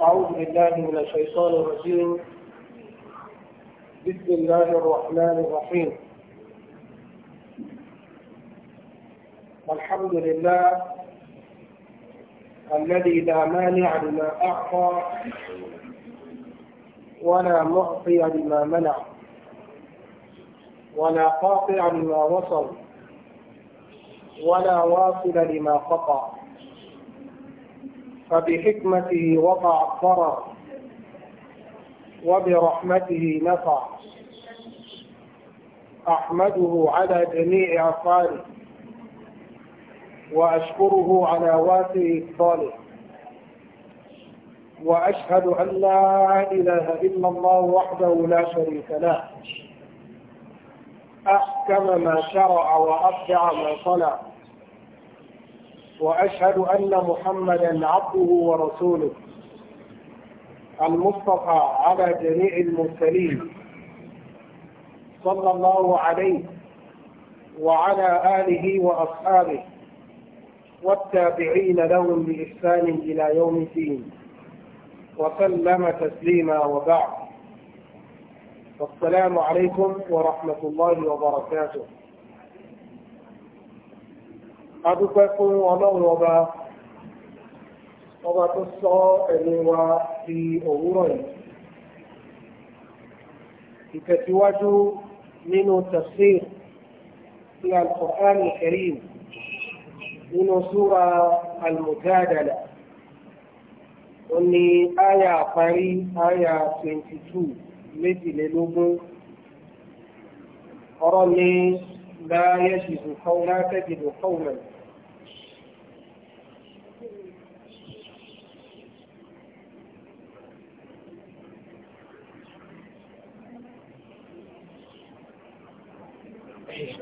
أعوذ بالله من الشيطان الرجيم بسم الله الرحمن الرحيم الحمد لله الذي لا مانع لما أعطى ولا معطي لما منع ولا قاطع لما وصل ولا واصل لما قطع فبحكمته وقع الضرر وبرحمته نفع أحمده على جميع أفعاله وأشكره على واسع الصالح وأشهد أن لا إله إلا الله وحده لا شريك له أحكم ما شرع وأبدع ما صنع وأشهد أن محمدا عبده ورسوله المصطفى على جميع المرسلين صلى الله عليه وعلى آله وأصحابه والتابعين لهم بإحسان إلى يوم الدين وسلم تسليما وبعد والسلام عليكم ورحمة الله وبركاته adúpẹ́ fún ọlọ́run ọba ọba tó sọ ẹ̀mí wa di òwúrọ̀ yìí ìtẹ̀síwájú nínú tafsir ti al-Qur'an al-Karim nínú súra al-Mujadala ó ní àyà parí àyà 22 méjìlélógún ọ̀rọ̀ ni لا يجد قولا تجد قولا الصحيح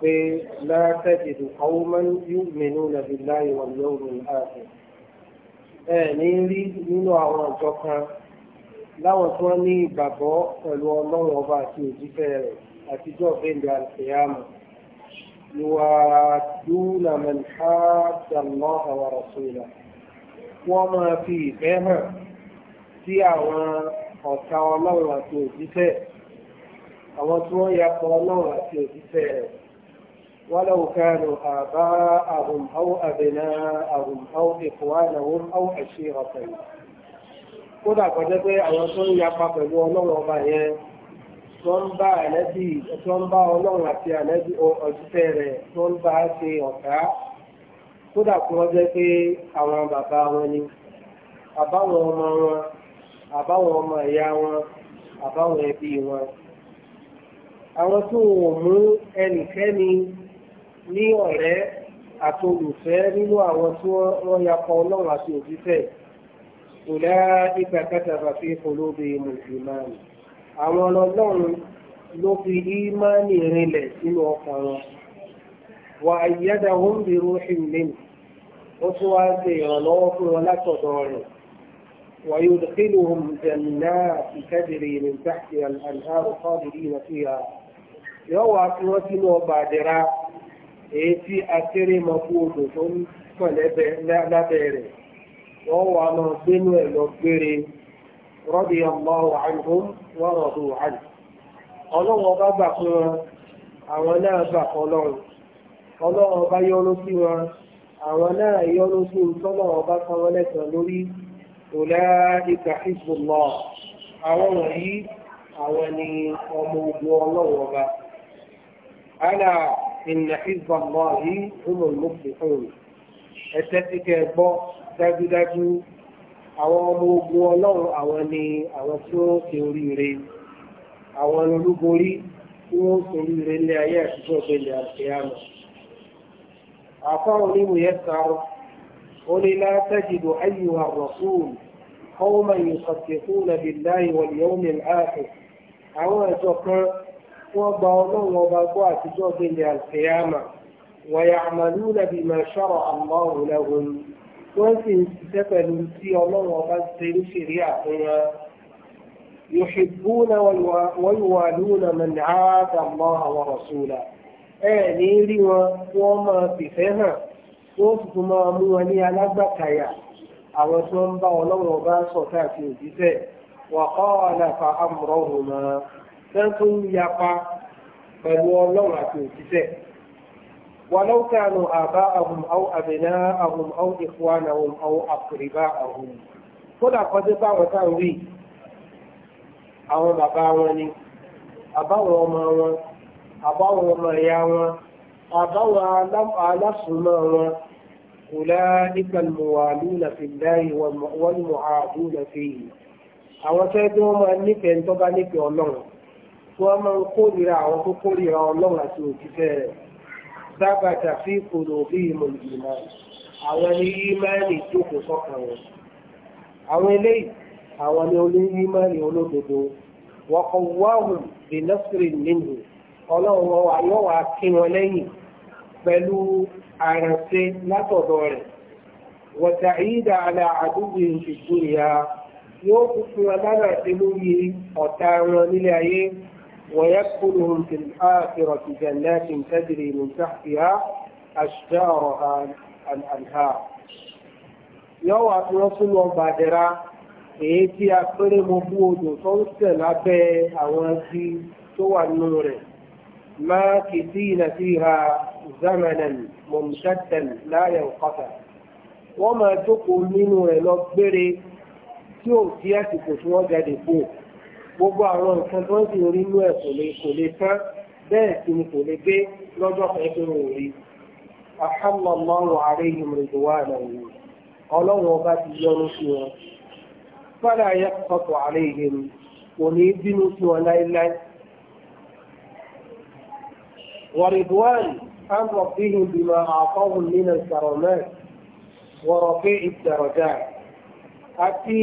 pé látẹ́jì ìdùkọ́wó máa ń yú mẹ́nu nàbí láì wà lóru ààfẹ́. ẹ ní rí nínú àwọn ọjọ́ kan láwọn tí wọ́n ní ìgbàgbọ́ pẹ̀lú ọlọ́run ọba àti òjíṣẹ́ rẹ̀ àtijọ́ bẹ́ẹ̀ àlùfẹ́yàmù yuwaduna man hadda Allah wa rasulahu wọ́n máa fi ìfẹ́ hàn sí àwọn ọ̀tá ọlọ́run àti òjíṣẹ́ àwọn tí wọ́n yakọ̀ ọlọ́run àti òjíṣẹ́ rẹ̀ ولو كانوا آباءهم أو أبناءهم أو إخوانهم أو عشيرتهم kódà kọjá pé àwọn tó ń yapa pẹ̀lú ọlọ́run ọba yẹn tó ń bá ànábì tó ń bá ọlọ́run àti ànábì ọ̀jíṣẹ́ rẹ̀ tó ń bá ṣe ọ̀tá kódà kọ́ jẹ́ pé àwọn bàbá wọn ni àbáwọn ọmọ wọn àbáwọn ọmọ ìyá wọn àbáwọn ẹbí wọn àwọn tó wọ́n mú ẹnikẹ́ni ní ọ̀rẹ́ àti olùfẹ́ nínú àwọn tí wọ́n yakọ̀ ọlọ́run àti òjíṣẹ́ ulaika kataba fi qulubihimul iman àwọn ọlọ́run ló fi ìmánì rinlẹ̀ sínú ọkàn wọn wa ayyadahum bi ruhin min ó tún wá ṣe ìrànlọ́wọ́ fún wọn látọ̀dọ̀ rẹ̀ ويدخلهم جنات تجري من تحتها الأنهار خالدين فيها يوعى سنة وبادرة èyí tí akéré máa kú odò tó ń pọ̀ lábẹ́ rẹ̀ wọ́n wà máa gbénú ẹ̀ lọ gbére rọ́bì Allahu anhum wa radu anhu. ọba gbà fún wọn àwọn náà gbà fún ọba sí wọn àwọn náà yọ́nú sí ìtọ́lọ̀ ọba sanwó lẹ́sàn lórí àwọn wọ̀nyí àwọn ni ọmọ ogun إن حزب الله هم المفلحون أتتك بو داجو داجو àwọn ọmọ ogun ọlọ́run àwọn ni àwọn tí wọ́n ṣe oríire àwọn olúborí tí wọ́n ṣe oríire ní ayé àtijọ́ ìgbẹ́lẹ̀ àṣeyàmù àfáwọn onímọ̀ yẹn sáró ó ní látẹ́jìdò ayíwá rọ̀súùn kọ́wọ́mọ̀ yìí kọ̀tẹ̀kú nàbìláyì wọ̀lẹ́wọ̀n àwọn ẹ̀jọ̀ kan wọ́n gba ọlọ́run ọba gbọ́ àtijọ́ gbẹ̀lẹ̀ àlùfẹ́yàmà wọ̀yà àmàlú nàbì máa ṣọ́rọ̀ àmọ́rùn lẹ́wọ̀n wọ́n sì ń ṣiṣẹ́ pẹ̀lú tí ọlọ́run ọba ṣe ń ṣeré àfihàn يحبون ويوالون من عاد الله ورسوله ẹ̀ẹ̀ni rí wọn wọ́n máa fìfẹ́ hàn wọ́n sì tún máa mú wọn ní alágbàkàyà àwọn tí wọ́n ń bá ọlọ́run ọba sọ̀tà àti òjíṣẹ́ wàhálà fa amúrọ̀hùn máa tán tó ń yapa pẹ̀lú ọlọ́run àti òṣìṣẹ́ ولو كانوا آباءهم أو أبناءهم أو إخوانهم أو أقرباءهم kódà kan tí báwọn tá ń wí àwọn bàbá wọn ni àbáwọn ọmọ wọn àbáwọn ọmọ ìyá wọn àbáwọn alásùnmọ́ wọn أولئك الموالون في الله والمعادون فيه àwọn tẹ́gbẹ́ wọn máa nífẹ̀ẹ́ tó bá nífẹ̀ẹ́ ọlọ́run tí wọ́n máa ń kórìíra àwọn tó kórìíra ọlọ́run àti òjíṣẹ́ rẹ̀ dábàtà fi ìkòlò bí ìmọ̀ ìgbìmọ̀ àwọn ní ímánì jókòó sọ́kàn wọn. àwọn eléyìí àwọn ní olú ímánì olódodo wọ́n kọ wáhùn bí nọ́sìrì nínú ọlọ́run wọn yóò wá kí wọn lẹ́yìn pẹ̀lú àrànṣe látọ̀dọ̀ rẹ̀ ìdá àdúgbò yóò wọn lára ọ̀tá ويدخلهم في الآخرة جنات تجري من تحتها أشجارها الأنهار yóò wá tí wọ́n tún lọ gbàdẹ́ra èyí tí a péré mọ bú odò tó ń tẹ̀ lábẹ́ àwọn ẹbí tó wà nínú rẹ̀ máa kì í sí ìnàtí zamanan mọ̀mùsẹ́tẹ̀n láyẹ̀ òkọ́ta wọ́n máa jókòó nínú rẹ̀ lọ gbére tí ò sí àsìkò tí wọ́n jáde fún un gbogbo àwọn nǹkan tó ń sì rí inú ẹ̀ kò lè kò lè tán bẹ́ẹ̀ sì ni kò lè gbé lọ́jọ́ kan tó ń rí ahallallahu alayhim ridwanahu ọlọ́run ọba ti yọ́nú sí wọn fala yaqtu alayhim kò ní bínú sí wọn láéláé ورضوان عن ربهم بما أعطاهم من الكرامات ورفيع الدرجات àti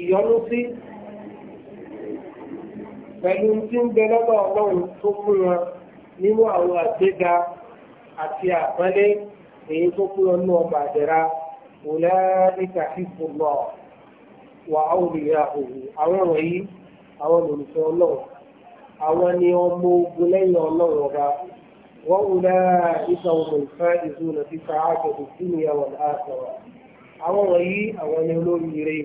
ìyọ́nú sí pẹ̀lú tí ń bẹ lọ́dọ̀ ọlọ́run tó fún wọn nínú àwọn àgbéga àti àpọ́nlé èyí tó fún wọn ní ọgbà àwọn àwọn olùfẹ́ ọlọ́run àwọn ni ọmọ ogun lẹ́yìn ọlọ́run ọba wọ́n àwọn àwọn ni olóríire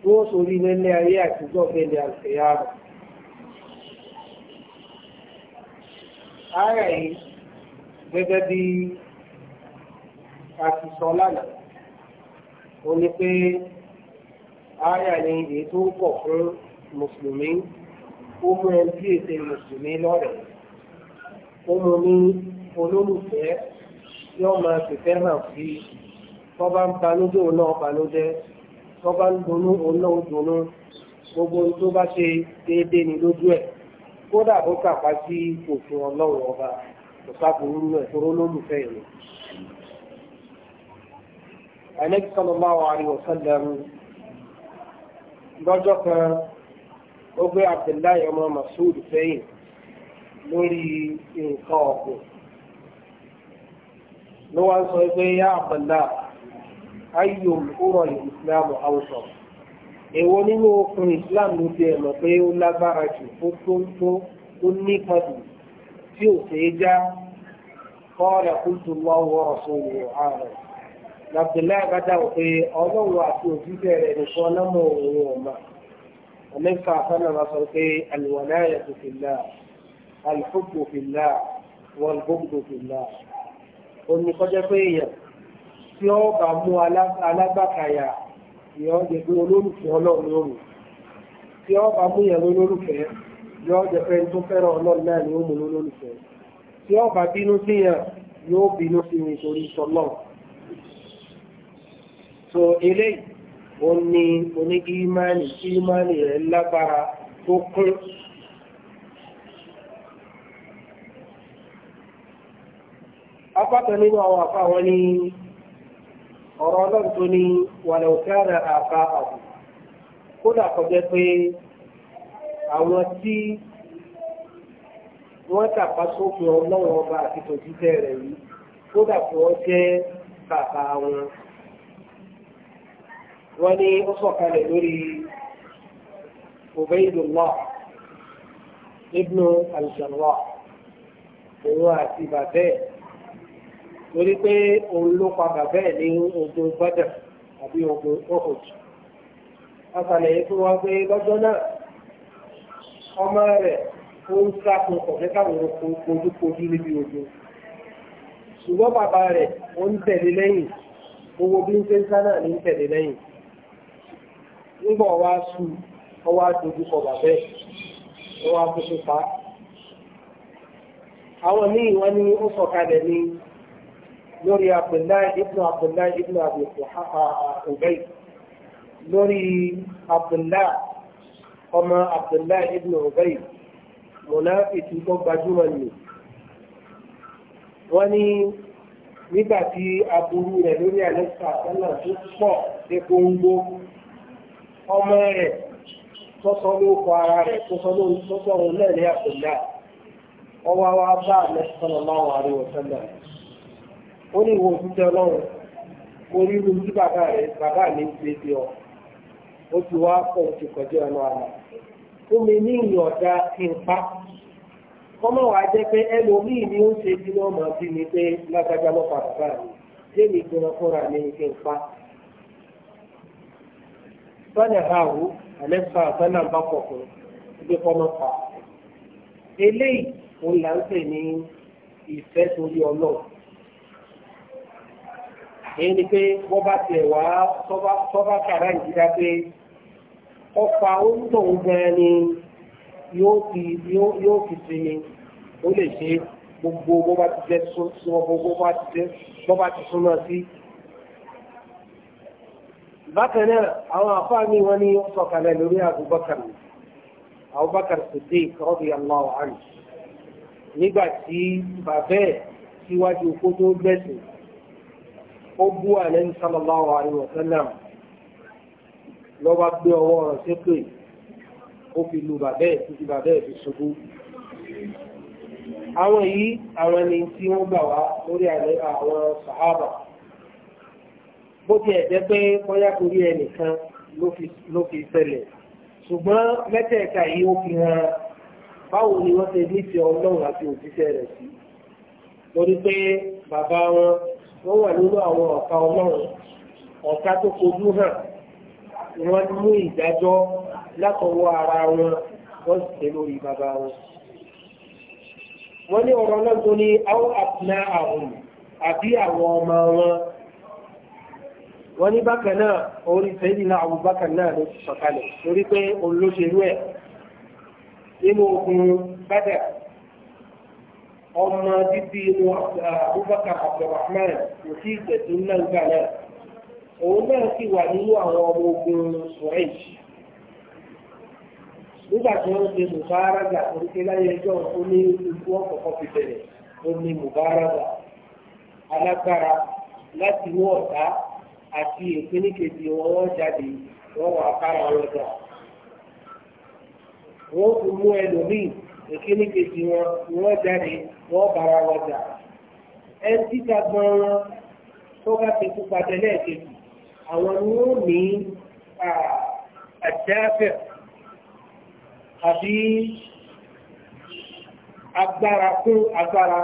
tí wọ́n lẹ́lẹ́ ayé àtijọ́ bẹ́ẹ̀ ara yìí gẹ́gẹ́ bí a ti sọ lánàá ó ní pé ara ni èyí tó ń kọ̀ fún mùsùlùmí ó mú ẹni tí èsè mùsùlùmí lọ́rẹ̀ẹ́ ó mú ní olólùfẹ́ tí ó máa fìfẹ́ hàn sí tó bá ń banújẹ́ òun náà banújẹ́ tó bá ń dunú òun náà dunú gbogbo tó bá ṣe déédéé ni lójú ẹ̀ kódà bó tàpá sí òfin ọlọ́run ọba kò sábòrú rẹ̀ tó lólùfẹ́ rẹ̀. Ànábì sallallahu alaihi wasallam lọ́jọ́ kan ó gbé Abdullahi ọmọ Mas'ud sẹ́yìn lórí nǹkan ọ̀gbìn. Ló wá ń sọ pé yá Abdullahi ayyul umar al-Islam èwo nínú okùn Islam ló ti ẹ̀mọ̀ pé ó lágbára jù tó tó tó tó nípa jù tí ò ṣeé já kọ́ọ̀dà kúntù lọ́wọ́ ọ̀ṣun ìwò ààrẹ Abdullahi bá dáhùn pé ọlọ́run àti òjíṣẹ́ rẹ̀ nìkan lọ́mọ òun ọ̀ma ọ̀lẹ́fà sọ́nà sọ pé alwalayatu fillah alhubbu fillah walbughdu fillah ó ní kọjá pé èèyàn tí ó bá mú alágbàkàyà yọ jẹ́ pé olólùfẹ́ ọlọ́run lóru tí ọ bá mú yẹn lólólùfẹ́ yọ jẹ́ pé tó fẹ́ràn ọlọ́run náà ni ó mú lólólùfẹ́ tí ọ bá bínú sí yẹn yóò bínú sí mi torí sọlọ so eléyìí ó ní oní ìmánì ìmánì rẹ̀ lágbára tó kún apákan nínú àwọn àpá wọn ní ọ̀rọ̀ ọlọ́run tó ní wàlẹ̀ òkèèrè àpá àbò kódà kọjá pé àwọn tí wọ́n tàpá sófin ọlọ́run ọba àti tòjíṣẹ́ rẹ̀ yìí kódà kí wọ́n jẹ́ bàbá wọn. wọ́n ní ó sọ̀kalẹ̀ lórí Ubaydullah ibnu al òun àti bàbá torí pé òun ló pa bàbá ẹ̀ ní ogun bọ́dà àbí ogun ohud asàlẹ̀ yìí fún wa pé lọ́jọ́ náà ọmọ rẹ̀ ó ń sákun kọ̀ọ̀kẹ́ káwọn ojúkojú níbi ogun ṣùgbọ́n bàbá rẹ̀ ó ń tẹ̀lé lẹ́yìn owó bí ń ṣe ń sá náà ní ń tẹ̀lé lẹ́yìn nígbà ọwá sú ọwá dojúkọ bàbẹ́ ọwá tuntun pa àwọn míì wọ́n ní ó sọ̀kalẹ̀ ní lórí Abdullahi ibnu Abdullahi ibnu Abi Quhafa Ubay lórí Abdullahi ọmọ Abdullahi ibnu Ubay mùnáfìkì tó gbajúmọ̀ ni wọ́n ní nígbà tí aburú rẹ̀ lórí àlẹ́sà àtẹ́nà tó pọ̀ dé gbóngbó ọmọ rẹ̀ tọ́sọ́ ló kọ ara rẹ̀ tọ́sọ́ ló ń tọ́sọ́ òun náà ní Abdullahi ọwọ́ wa bá àlẹ́sà lọ́wọ́ àríwọ̀ sẹ́lẹ̀ rẹ̀. ó ní ìwọ òṣìṣẹ́ ọlọ́run mo rí irú tí bàbá rẹ bàbá mi ń gbé sí ọ ó ti wá pọ̀ ti kọjá ọ̀nà àná fún mi ní ìyìn ọ̀dà kí n pa kọ́mọ̀ wàá jẹ́ pé ẹlòmíì ni ó ń ṣe bí lọ́mọ bí mi pé lágbájá lọ́pàá ní ìfẹ́ èyí ni pé wọ́n bá tẹ̀ wá tọ́bá kàrá ìjìdá pé ọpa oúntọ̀ gan ni yóò fi sinmi ó lè ṣe gbogbo bó bá ti jẹ́ súnmọ́ sí bákan náà àwọn àfáà ní wọn ní sọ̀kalẹ̀ lórí Abubakar Abubakar Siddiq radiyallahu anhu nígbà tí bàbẹ́ síwájú kó tó gbẹ̀sìn ó bú àlẹ́yìn sallallahu alaihi wa sallam ló bá gbé ọwọ́ rẹ̀ sépè ó fi lu bàbá ẹ̀ títí bàbá ẹ̀ fi ṣubú. àwọn yìí àwọn ni tí wọ́n gbà wá lórí àwọn sàhábà bó tiẹ̀ jẹ́ pé bóyá torí ẹnìkan ló fi ṣẹlẹ̀ ṣùgbọ́n mẹ́tẹ̀ẹ̀ta yìí ó fi hàn báwo ni wọ́n ṣe nífẹ̀ẹ́ ọlọ́run àti òjíṣẹ́ rẹ̀ sí lórí pé bàbá wọn wọ́n wà nínú àwọn ọ̀tá ọlọ́run ọ̀tá tó kojú hàn wọ́n mú ìdájọ́ látọwọ́ ara wọn wọ́n sì tẹ lórí bàbá wọn. wọ́n ní ọ̀rọ̀ náà tó ní àwọn àpìnà àrùn àbí àwọn ọmọ wọn. wọ́n ní bákan náà orí Sayyidina Abu Bakar náà ló ti sọ̀kalẹ̀ torí pé òun ló ṣerú ẹ̀ nínú ogun Badr ọmọ bíbí inú Abubakar Abdulrahman òsì ìtẹ̀tù náà gbà náà òun náà sì wà nínú àwọn ọmọ ogun Quraysh nígbà tí wọ́n ṣe mùbárágà oríṣi láyé ẹjọ́ ó ní ikú ọ̀kọ̀ọ̀kan fi bẹ̀rẹ̀ ó ní mùbárágà alágbára láti inú ọ̀tá àti ìpínlẹ̀kejì wọn wọ́n jáde wọ́n wà kára wọn jà wọ́n fi mú ẹlòmíì ìkíní kejì wọn ni wọ́n jáde wọ́n bára wọn jà ẹ títa gan wọn tó bá ti kú padà lẹ́ẹ̀kejì àwọn ni wọ́n ní àjẹ́fẹ́ àbí agbára fún agbára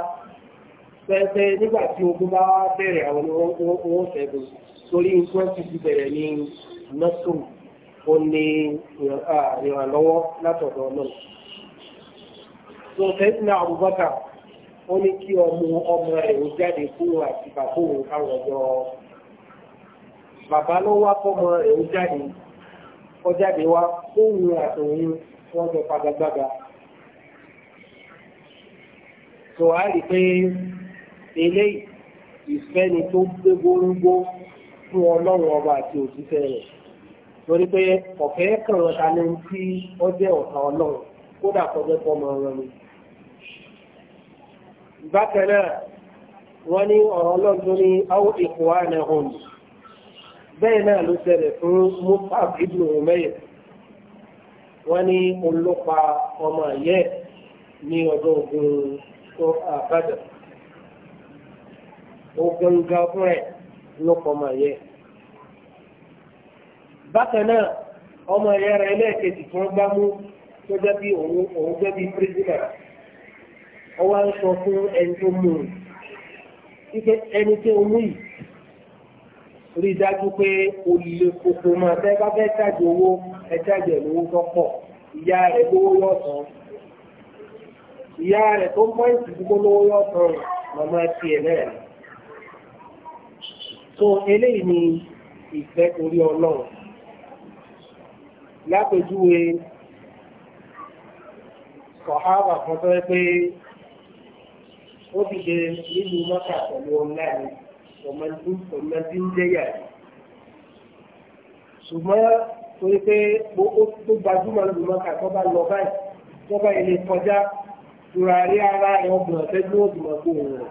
pẹ́ẹ́pẹ́ nígbà tí ogun bá bẹ̀rẹ̀ àwọn ni wọ́n fẹ́gun torí nǹkan ti ti bẹ̀rẹ̀ ní nọ́sùn ó ní ìrànlọ́wọ́ látọ̀dọ̀ náà sọ̀tẹ́sìn àbúbọ́kà ó ní kí ọmọ ọmọ rẹ̀ ó jáde kúrò àti bàbá òun káwọn ọjọ́ bàbá ló wá fọ́mọ rẹ̀ ó jáde ó jáde wá fóònù àtòun wọ́n jọ pagagbága. sọ á rí pé eléyìí ìfẹ́ ni tó gbé gbóngbó fún ọlọ́run ọba àti òṣìṣẹ́ rẹ̀ lórí pé ọ̀fẹ́ kàn ta ní ó jẹ́ ọ̀tá ọlọ́run kódà kọjá fọmọ ọ̀rọ̀ mi. bákanáà náà wọ́n ní ọ̀rọ̀ ọlọ́dún ní áwọ̀ na bẹ́ẹ̀ náà ló ṣẹlẹ̀ fún ibn wọ́n ní olópa ọmọ ayẹ́ ní ọdún ogun tó uh, àbádà ogun ga lópa ọmọ ayẹ́ bákan ọmọ ayẹ́ rẹ̀ lẹ́ẹ̀kejì tí wọ́n mú tó ọwọ́ ń sọ fún ẹni tó mú un ike ẹni tí o mú yìí rí i dájú pé o lè koko máa fẹ́ bá fẹ́ ṣáàjì owó ẹ ṣáàjì ẹ̀ lówó tó pọ̀ ìyá rẹ̀ lówó yọ̀ tán ìyá rẹ̀ tó mọ́ ìsìnkú lówó yọ̀ tán màmá tiẹ̀ náà so eléyìí ni ìfẹ́ orí ọlọ́run lápèjúwe sọ̀hárà kan tó yẹ pé ó ti ṣe nílùú mọ́tà pẹ̀lú ọ̀la ni ọ̀mọ tí ń jẹ́yà rẹ̀ ṣùgbọ́n torí pé ó gbajúmọ̀ lóbi mọ́tà tó bá lọ báyìí tó bá ilé kọjá tura rí ara ẹ̀ ọgbọ̀n ọ̀tẹ́gbẹ́ òdùmọ̀ kó o rẹ̀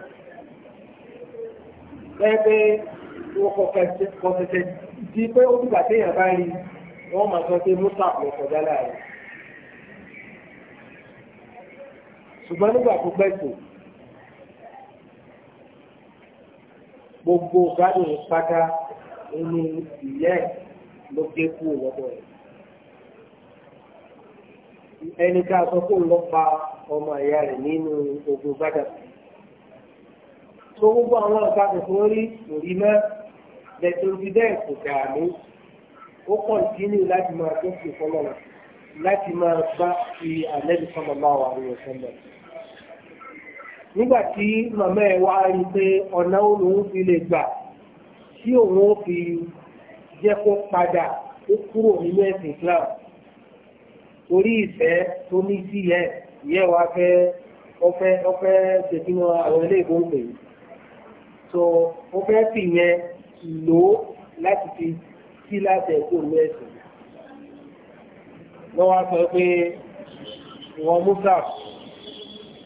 bẹ́ẹ̀ pé wọ́n kọ tẹ̀tẹ̀ di pé ó dùgbà téèyàn bá rí wọ́n máa sọ pé mọ́tà lọ kọjá láàrin ṣùgbọ́n nígbà tó gbẹ̀sùn gbogbo gbádùn pátá inú ìyẹ́ ló gé kú lọ́dọ̀ rẹ̀. ẹni ká sọ pé lọ pa ọmọ ìyá rẹ̀ nínú ogun gbádà. tó gbogbo àwọn ọ̀gá tuntun rí kò rí mọ́ lẹ́tọ́jú bẹ́ẹ̀ kò dààmú ó kàn sínú láti máa tó sì fọlọ́run láti máa bá fi àlẹ́ bí sọ́mọ́ wà ní ọ̀sán bẹ́ẹ̀ nígbà tí màmá ẹ̀ wá rí pé ọ̀nà òun fi lè gbà tí òun ó fi jẹ́ kó padà ó kúrò nínú ẹ̀sìn Islam torí ìfẹ́ tó ní sí yẹ ìyẹ́ wa fẹ́ ọfẹ́ ọfẹ́ tẹ̀síwọ́n àwọn ilé ìgbóǹgbè so ó fẹ́ fi yẹn lò ó láti fi sí láti ẹ̀kọ́ ìlú ẹ̀sìn lọ́wọ́ sọ pé ìwọ̀n Musa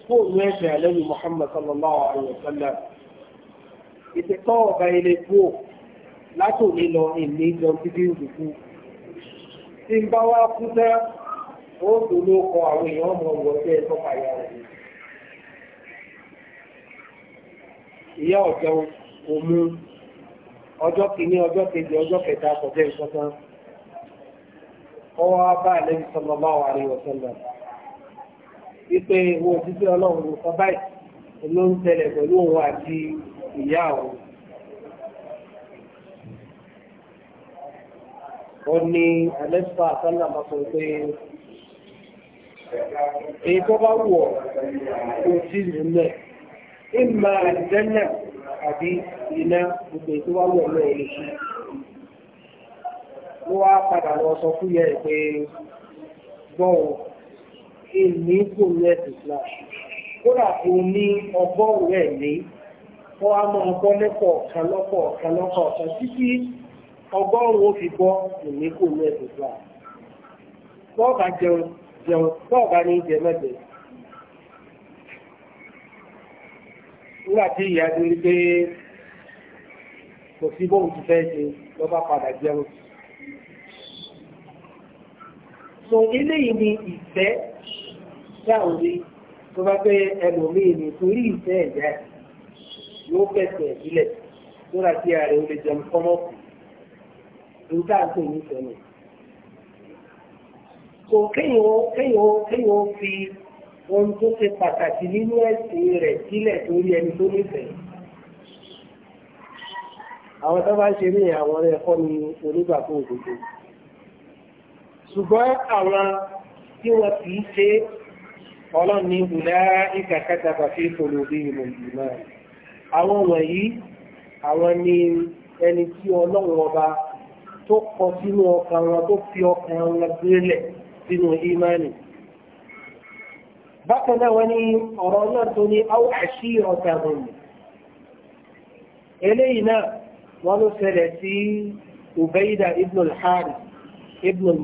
fún òun ẹ̀sẹ̀ muhammadu Muhammad sallallahu alayhi wa sallam ìtẹ̀kọ́ ọ̀gá ilé kúò látòlé lọ ìní lọ títí òdùkú tí ń bá wá kú tẹ́ ó tó ló kọ àwọn èèyàn ọmọ ọgbọ tẹ́ ẹ tọ́ka ìyá rẹ̀ ìyá ọ̀jọ́ òmu ọjọ́ kìíní ọjọ́ kejì ọjọ́ kẹta kọjá ọwọ́ àlẹ́ wípé wo títí ọlọ́run ló sọ báyìí ló ń tẹ̀lé pẹ̀lú òun àti ìyá òun. ó ní alẹ́sọ̀ àtọ́nà àpapọ̀ pé èyí tó bá wù ọ́ kò sí nílẹ̀ ìmọ̀ àjẹ́nà àbí iná gbogbo èyí tó bá wù ọ́ náà lè ṣe. ló wá padà lọ sọ fún yẹn pé gbọ́n èmi kò lẹ́ ìsìlá kódà kò ní ọgọ́rùn-ún ẹ̀ ní wọ́n á máa gbọ́ lẹ́kọ̀ọ́ kan lọ́kọ̀ kan lọ́kọ̀ kan títí ọgọ́rùn-ún ó fi gbọ́ èmi kò lẹ́ ìsìlá bọ́ọ̀bà jẹun jẹun bọ́ọ̀bà ní jẹ mẹ́jẹ. nígbà tí ìyá ti rí pé kò sí bóun ti fẹ́ ṣe ló bá padà jẹun. so eléyìí ni ìfẹ́ táwọn rí tó bá pẹ́ ẹlòmíì ní torí ìfẹ́ ẹ̀dá yóò fẹsẹ̀ ìbílẹ̀ tó ra sí ààrẹ olè jẹun kọ́mọ́ ní táàkùn ní sẹ́nu. So kéèyàn fi ohun tó ṣe pàtàkì nínú ẹ̀sìn rẹ̀ sílẹ̀ torí ẹni tó nífẹ̀ẹ́. Àwọn tó bá ń ṣe ní àwọn ẹ̀kọ́ ni onígbàgbọ́ òdodo. Ṣùgbọ́n àwọn tí wọ́n kì í ṣe ọlọ́run ní ulaika kataba fi qulubihimul iman àwọn wọ̀nyí àwọn ni ẹni tí ọlọ́run ọba tó kọ sínú ọkàn wọn tó fi ọkàn wọn gbélẹ̀ sínú ìmánì bákan náà wọ́n ní ọ̀rọ̀ náà tó ní aw ashiratuhum eléyìí náà wọ́n ló ṣẹlẹ̀ sí ibn al hari ibn al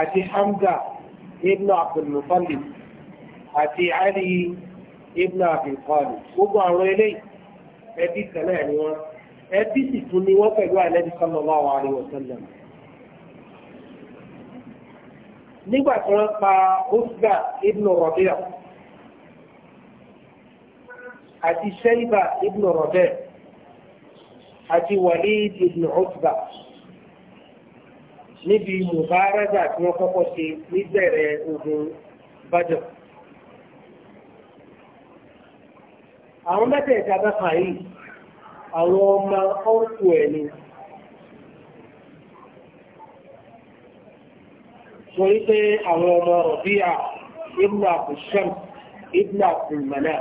àti Hamza ibn abdulmutalib àti ali ibn abdulkali gbogbo àwọn eléyìí ẹbí kan náà ni wọn ẹbí sì tún ni wọn pẹ̀lú àlẹbí sallallahu alaihi wasallam nígbà tí wọn pa osga ibn Rabi'a àti shayba ibn Rabi'a àti walid ibn Utba níbi mùbáràdà tí wọ́n kọ́kọ́ ṣe níbẹ̀rẹ̀ ogun bájọ̀. àwọn mẹ́tẹ̀ẹ̀ta bá kà yìí àwọn ọmọ ọ̀nkù ẹ̀ ni. torí pé àwọn ọmọ rọ̀bíà ibn abdulsham ibn abdulmana.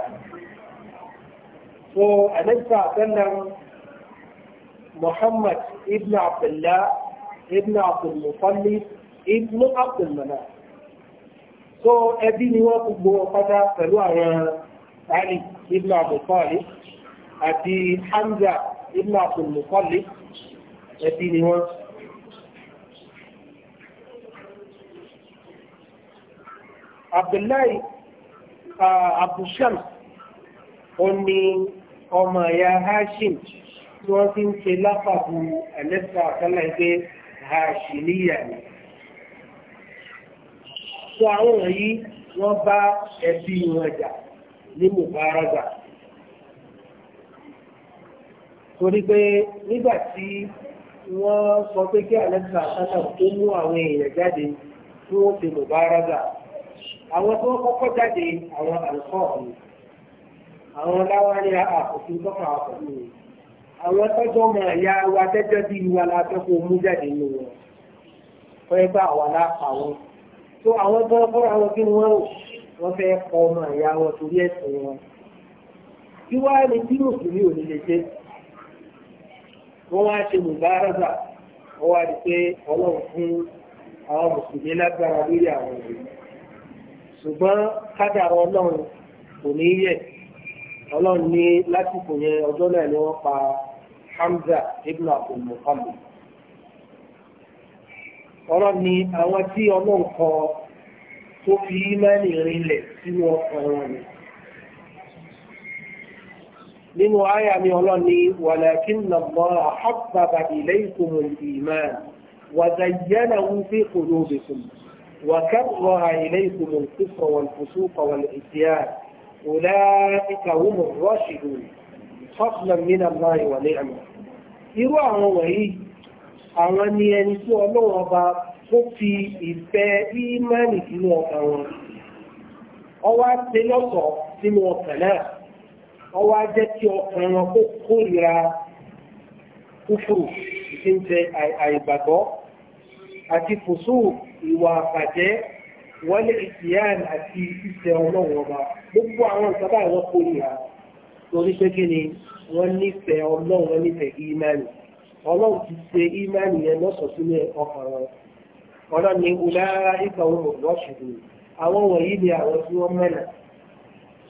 so àlẹ́sà àtẹ́lẹ̀ muhammad ibn abdullah ibn abdulmufali ibn abdulmana so ẹbí ni wọ́n kú gbogbo pátá pẹ̀lú àwọn ali ibn abdulmufali àti hamza ibn abdulmufali ẹbí ni wọ́n. abdullahi uh, abdulshams ó ní ọmọ ẹ̀yà hashim tí wọ́n ti ń ṣe lápapọ̀ ẹ̀lẹ́sà àtàlà ẹgbẹ́ hashimiya ni so àwọn wọ̀nyí wọ́n bá ẹbí wọn jà ní mubaraza torí pé nígbà tí wọ́n sọ pé kí alexa sátà tó mú àwọn èèyàn jáde tí wọ́n ti mubaraza àwọn tó kọ́kọ́ jáde àwọn àlùkò ọ̀hún àwọn láwọn ní àkókò tó kọ́ àwọn tọ́jọ́ máa ya wa tẹ́jọ́ bí wa la fẹ́ kó mú jáde nínú wọn fẹ́ bá wa lápá wọn tó àwọn tó fọ́ra wọn kí wọ́n rò wọ́n fẹ́ kọ́ ọmọ ìyá wọn torí ẹ̀sìn wọn tí wàá ní tí mùsùlùmí ò ní lè ṣe wọ́n wá ṣe mùbáràbà wọ́n wá di pé ọlọ́run fún àwọn mùsùlùmí lágbára lórí àwọn ìlú ṣùgbọ́n kádàrọ̀ ọlọ́run kò ní yẹ̀ sí ọlọ́run ní lásìkò yẹn ọjọ́ náà ni wọ́n pa Hamza ibn Abdul Muttalib ọ̀rọ̀ ni àwọn tí ọlọ́run kọ tó fi ímánì rinlẹ̀ sínú ọkàn wọn ni nínú àyà mi ọlọ́run ni walakinna Allaha habbaba ilaykumul iman wa zayyanahu fi qulubikum wa karraha ilaykumul kufra wal fusuqa wal isyan أولئك هم الراشدون فضلا من الله ونعمه irú àwọn wọ̀nyí àwọn ni ẹni tí ọlọ́run ọba tó fi ìfẹ́ ímánì sínú ọkàn wọn ọwá ṣe lọ́sọ̀ sínú ọkàn náà ọwá jẹ́ kí ọkàn wọn kó kórìíra kúfùrù ìṣẹ́ńtẹ àìgbàgbọ́ àti fùsù ìwà àbàjẹ́ wọ́n lè ìyáàn àti ìṣẹ́ ọlọ́run ọba gbogbo àwọn ìsọ́bà ìwọ́n kò yà torí pé kí ni wọ́n ti ṣe yẹn ọkàn wọn ọlọ́run ni ọlá ìgbà wọn mọ̀ lọ́ṣùdù àwọn wọ̀nyí ni àwọn tí wọ́n mẹ́nà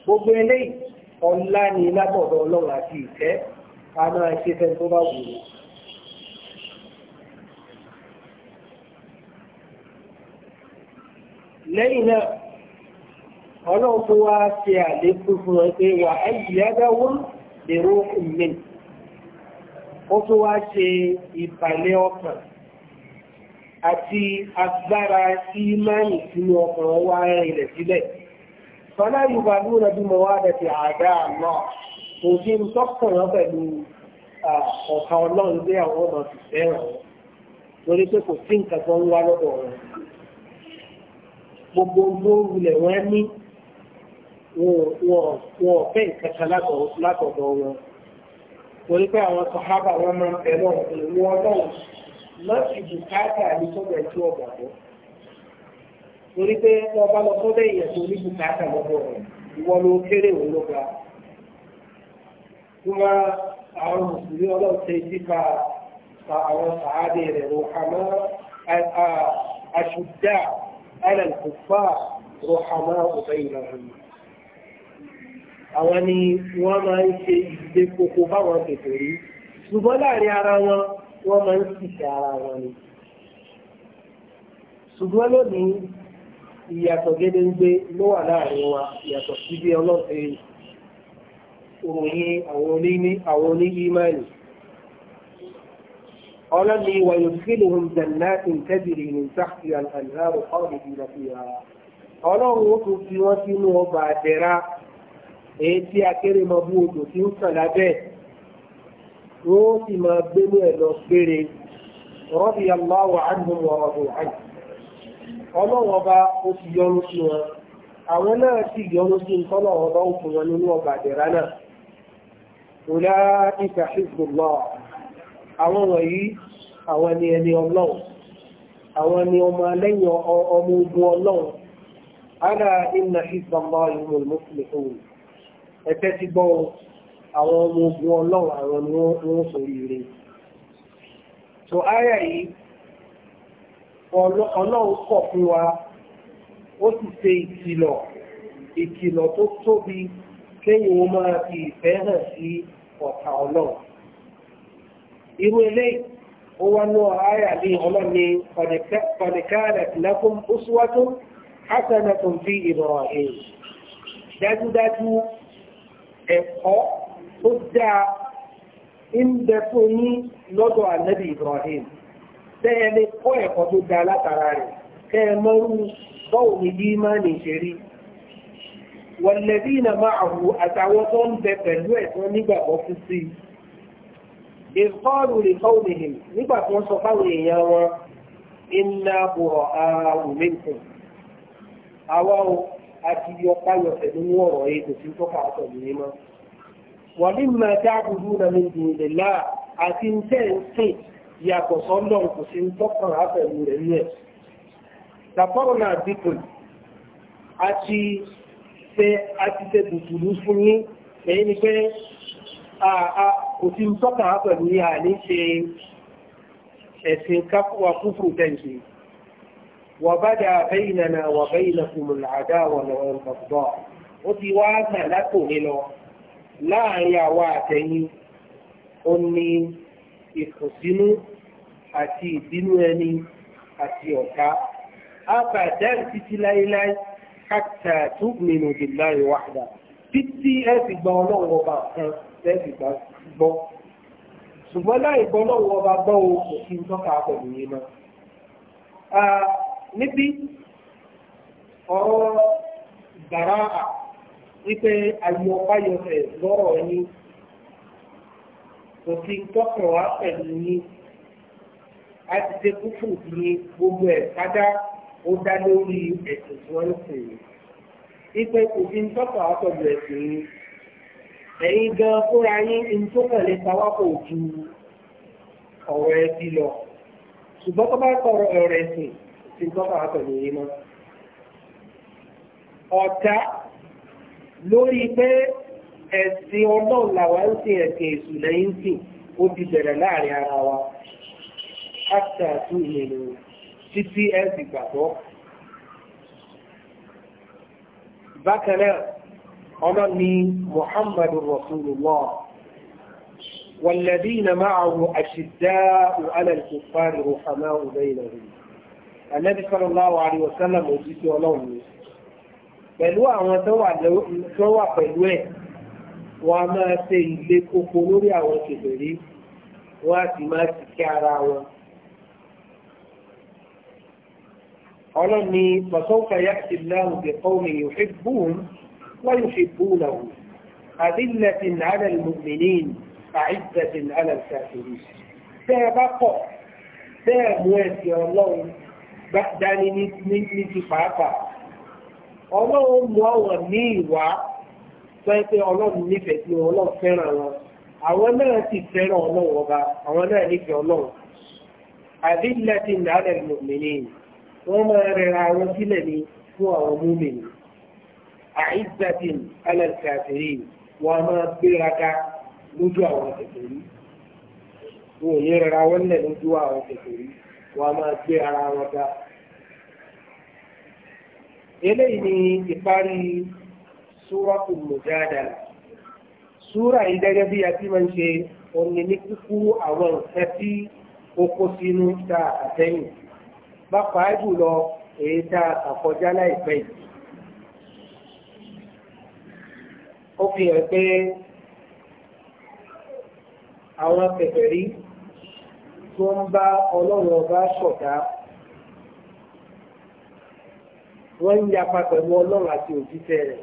gbogbo eléyìí ọlá ni lábọ̀dọ̀ ọlọ́run àti ìfẹ́ a máa fẹ́ tó bá wù ú lẹ́yìn náà ọlọ́run tó wá ṣe àlékún fún wọn pé wà á yíyádáwó lèrò ìmìn ó tó wá ṣe ìbàlẹ̀ ọkàn àti agbára ìmánì sínú ọkàn wá ilẹ̀ sílẹ̀ fọlá yorùbá lóra bí mo wá dàtí àdá náà kò sí ń tọ́kàn wọn pẹ̀lú ọ̀kan ọlọ́run bí àwọn ọmọ ti fẹ́ràn wọn torí pé kò sí nǹkan tó ń wá lọ́dọ̀ gbogbo tó wulẹ̀ wọ́n ní wọn ọ̀fẹ́ ìkẹta látọ̀dọ̀ wọn torí pé àwọn sọ̀hábà wọn máa ń bẹ̀ lọ́wọ́ pé wọ́n lọ́wọ́ lọ́sì bùkátà ní sọ́dọ̀ tí ọ̀gá bọ́ torí pé ọba lọ sọ́dọ̀ èèyàn tó ní lọ́wọ́ rẹ̀ ló kéré òun ló àwọn mùsùlùmí ọlọ́run ṣe àwọn sàádé rẹ̀ rọ̀ على الكفار رحماء بينهم àwọn ni wọ́n máa ń ṣe ìdílé koko báwọn tètè rí ṣùgbọ́n láàrin ara wọn wọ́n máa ń ara wọn ni ṣùgbọ́n lónìí ìyàtọ̀ gédéńgbé ló wà láàrin wa ìyàtọ̀ sí bí ọlọ́sẹ̀ ọlọ́ni wàyọ̀sílùhùn jẹ̀nàtì tẹ́bìrì ní sáàkì àlàáhù ọ̀rìn ìrọ̀fìhà ọlọ́run ó tún fi wọ́n sínú ọgbà àdẹ́rà èyí tí akérèmọ́bú odò ti ń sàn lábẹ́ wọ́n sì máa gbénú ẹ̀ lọ gbére rọ́bì aláwọ̀ ánìhùn ọ̀rọ̀ àyè ọlọ́run ọba ó ti yọ́nú sí wọn àwọn náà sì yọ́nú sí ntọ́nà ọ̀rọ̀ òkun wọn nínú ọgbà àdẹ́rà náà. أولئك حزب الله àwọn wọ̀nyí àwọn ni ẹni ọlọ́run àwọn ni ọmọ alẹ́yìn ọmọ ogun ọlọ́run ara inna ìsọmọ ìlú mùsùlùmí ẹ̀tẹ́ ti gbọ́ àwọn ọmọ ogun ọlọ́run àwọn ni wọ́n ire aya yìí ọlọ́run fún wa ó sì ṣe ìkìlọ̀ ìkìlọ̀ tó tóbi kéyìn máa fi ìfẹ́ irú eléyìí ó wá ní ọ̀háyà ní ọlọ́ni kọ̀dìkálẹ̀ lakum uswatun hasanatun fi Ibrahim dájúdájú ẹ̀kọ́ tó dáa ń bẹ fún yín lọ́dọ̀ ànábì Ibrahim bẹ́ẹ̀ ni kọ́ ẹ̀kọ́ tó dáa látara rẹ̀ kẹ́ ẹ mọ́rú bọ́ọ̀ ní bí má ní ṣe wọ̀lẹ́bí náà máa àtàwọn tó ń bẹ pẹ̀lú ẹ̀tọ́ nígbàgbọ́ fún ìkọlù lè kọ́ nìyẹn nígbà tí wọ́n sọ fáwọn èèyàn wọn iná bùrọ̀ ààrùn mẹ́kùn àwa o àti yọpáyọ pẹ̀lú ọ̀rọ̀ yìí kò sí tọ́ka àtọ̀ nìyẹn mọ́. wà ní mà dáàbòbò náà mi dùn lè láà àti ń tẹ́ ń sìn yàtọ̀ sọ́nà kò sí tọ́ka àtọ̀lù rẹ̀ ní ẹ̀. làpọ̀rọ̀ náà dìpọ̀ àti ṣe àti ṣe dùdùlù fún yín èyí ni pé kò sí tọ́ka pẹ̀lú ní a ní ṣe ẹ̀sìn káfíwà kúfùrù tẹ́ǹsì wà bá dà bẹ́yìnàna wà bẹ́yìnàkùnmù làádá wà lọ́wọ́n bàbá ó ti wá nà látò ní lọ láàrin àwa àtẹ̀yìn ó ní ìkùnsínú àti ìbínú ẹni àti ọ̀tá abàdán títí láíláí hàtà tu'minu billahi wahda títí ẹ fi gba ọlọ́run ọba kan ẹ fi gba sí gbọ́ ṣùgbọ́n láì gbọ́ lọ́wọ́ ọba gbọ́ o kò fi ń tọ́ka pẹ̀lú yín mọ́. níbi ọ̀rọ̀ gbàrà à wípé ayọ̀páyọ̀fẹ̀ lọ́rọ̀ yín kò fi ń tọ́ka wá pẹ̀lú yín a ti ṣe kúfù ní gbogbo ẹ̀ kádà ó dá lórí ẹ̀sìn tí wọ́n ń sìn. ipe kò fi ń wá pẹ̀lú ẹ̀sìn yín ẹ̀yin gan fúnra yín ní tó kàn lè pawápọ̀ ju ọ̀rọ̀ ẹbí lọ ṣùgbọ́n tó bá tọrọ ọ̀rọ̀ ẹ̀sìn tí ń tọ́ka pẹ̀lú yín mọ́. ọ̀tá lórí pé ẹ̀sìn ọlọ́run làwa ń sin ẹ̀sìn èṣù lẹ́yìn sìn ó ti bẹ̀rẹ̀ láàrin ara wa áṣà tún ìlú títí ẹ̀sìn gbàgbọ́. bákan náà أمني محمد رسول الله والذين معه أشداء على الكفار رحماء بينهم النبي صلى الله عليه وسلم وجيت ولوني pẹ̀lú àwọn tó wà pẹ̀lú ẹ̀ wọ́n a máa ṣe ilé kókó lórí àwọn kèbèrè wọ́n a sì máa ti kí ara wọn. ọlọ́ni pàṣọ́kà yá ti láwùjẹ́ kọ́wé yóò ṣe gbóhùn ويحبونه أذلة على المؤمنين أعزة على الكافرين سابقا سابوات يا الله بعدني نتني تفاقا ọlọ́run mú àwọn ní ìwà pẹ́ẹ́pẹ́ ọlọ́run nífẹ̀ẹ́ tí ọlọ́run fẹ́ràn wọn àwọn náà sì fẹ́ràn ọlọ́run ọba àwọn náà nífẹ̀ẹ́ ọlọ́run àdínlẹ́tì nàálẹ̀ lòmìnir wọ́n máa rẹra wọn sílẹ̀ ní fún àwọn múmìnir àìsàtì alẹ́kàtìrì wọn máa gbéraka lójú àwọn kèfèrí wọn ò yẹra wọn lẹ̀ lójú àwọn kèfèrí wọn máa gbé ara wọn ga. eléyìí ni ìparí súrọ́pù mùjáàdàlà súrà yìí gẹ́gẹ́ bí a ti máa ń ṣe òní ní kúkúrú àwọn nǹkan tí ó sínú tá àtẹ́yìn bá pàájù lọ èyí tá àkọjá láìpẹ́ yìí. ó fi hàn pé àwọn kèfèrí tó ń bá ọlọ́run ọba ṣọ̀tá wọ́n ń yapa pẹ̀lú ọlọ́run àti òjíṣẹ́ rẹ̀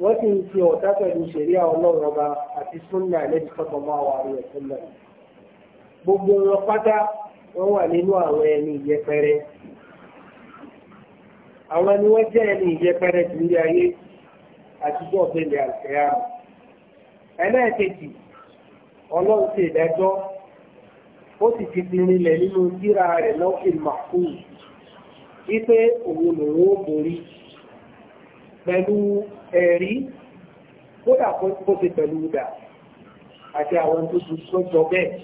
wọ́n sì ń fi ọ̀tá pẹ̀lú ṣẹ̀ríà ọlọ́run ọba àti súnà lẹ́bi sọ́kàn máa wà ní ẹ̀sìn náà gbogbo wọn pátá wọ́n wà nínú àwọn ẹni ìyẹpẹrẹ àwọn ni wọ́n jẹ́ ẹni ìyẹpẹrẹ jù ní ayé àtijọ́ ọ̀tẹ̀lẹ̀ àṣẹyà ẹlẹ́ẹ̀kejì ọlọ́run ti ìdájọ́ ó sì ti fi rinlẹ̀ nínú jíra rẹ̀ lọ́kì màkúù wípé òun lòun ó borí pẹ̀lú ẹ̀rí kódà kó ti pẹ̀lú ìdà àti àwọn tó ti sọ́jọ́ bẹ́ẹ̀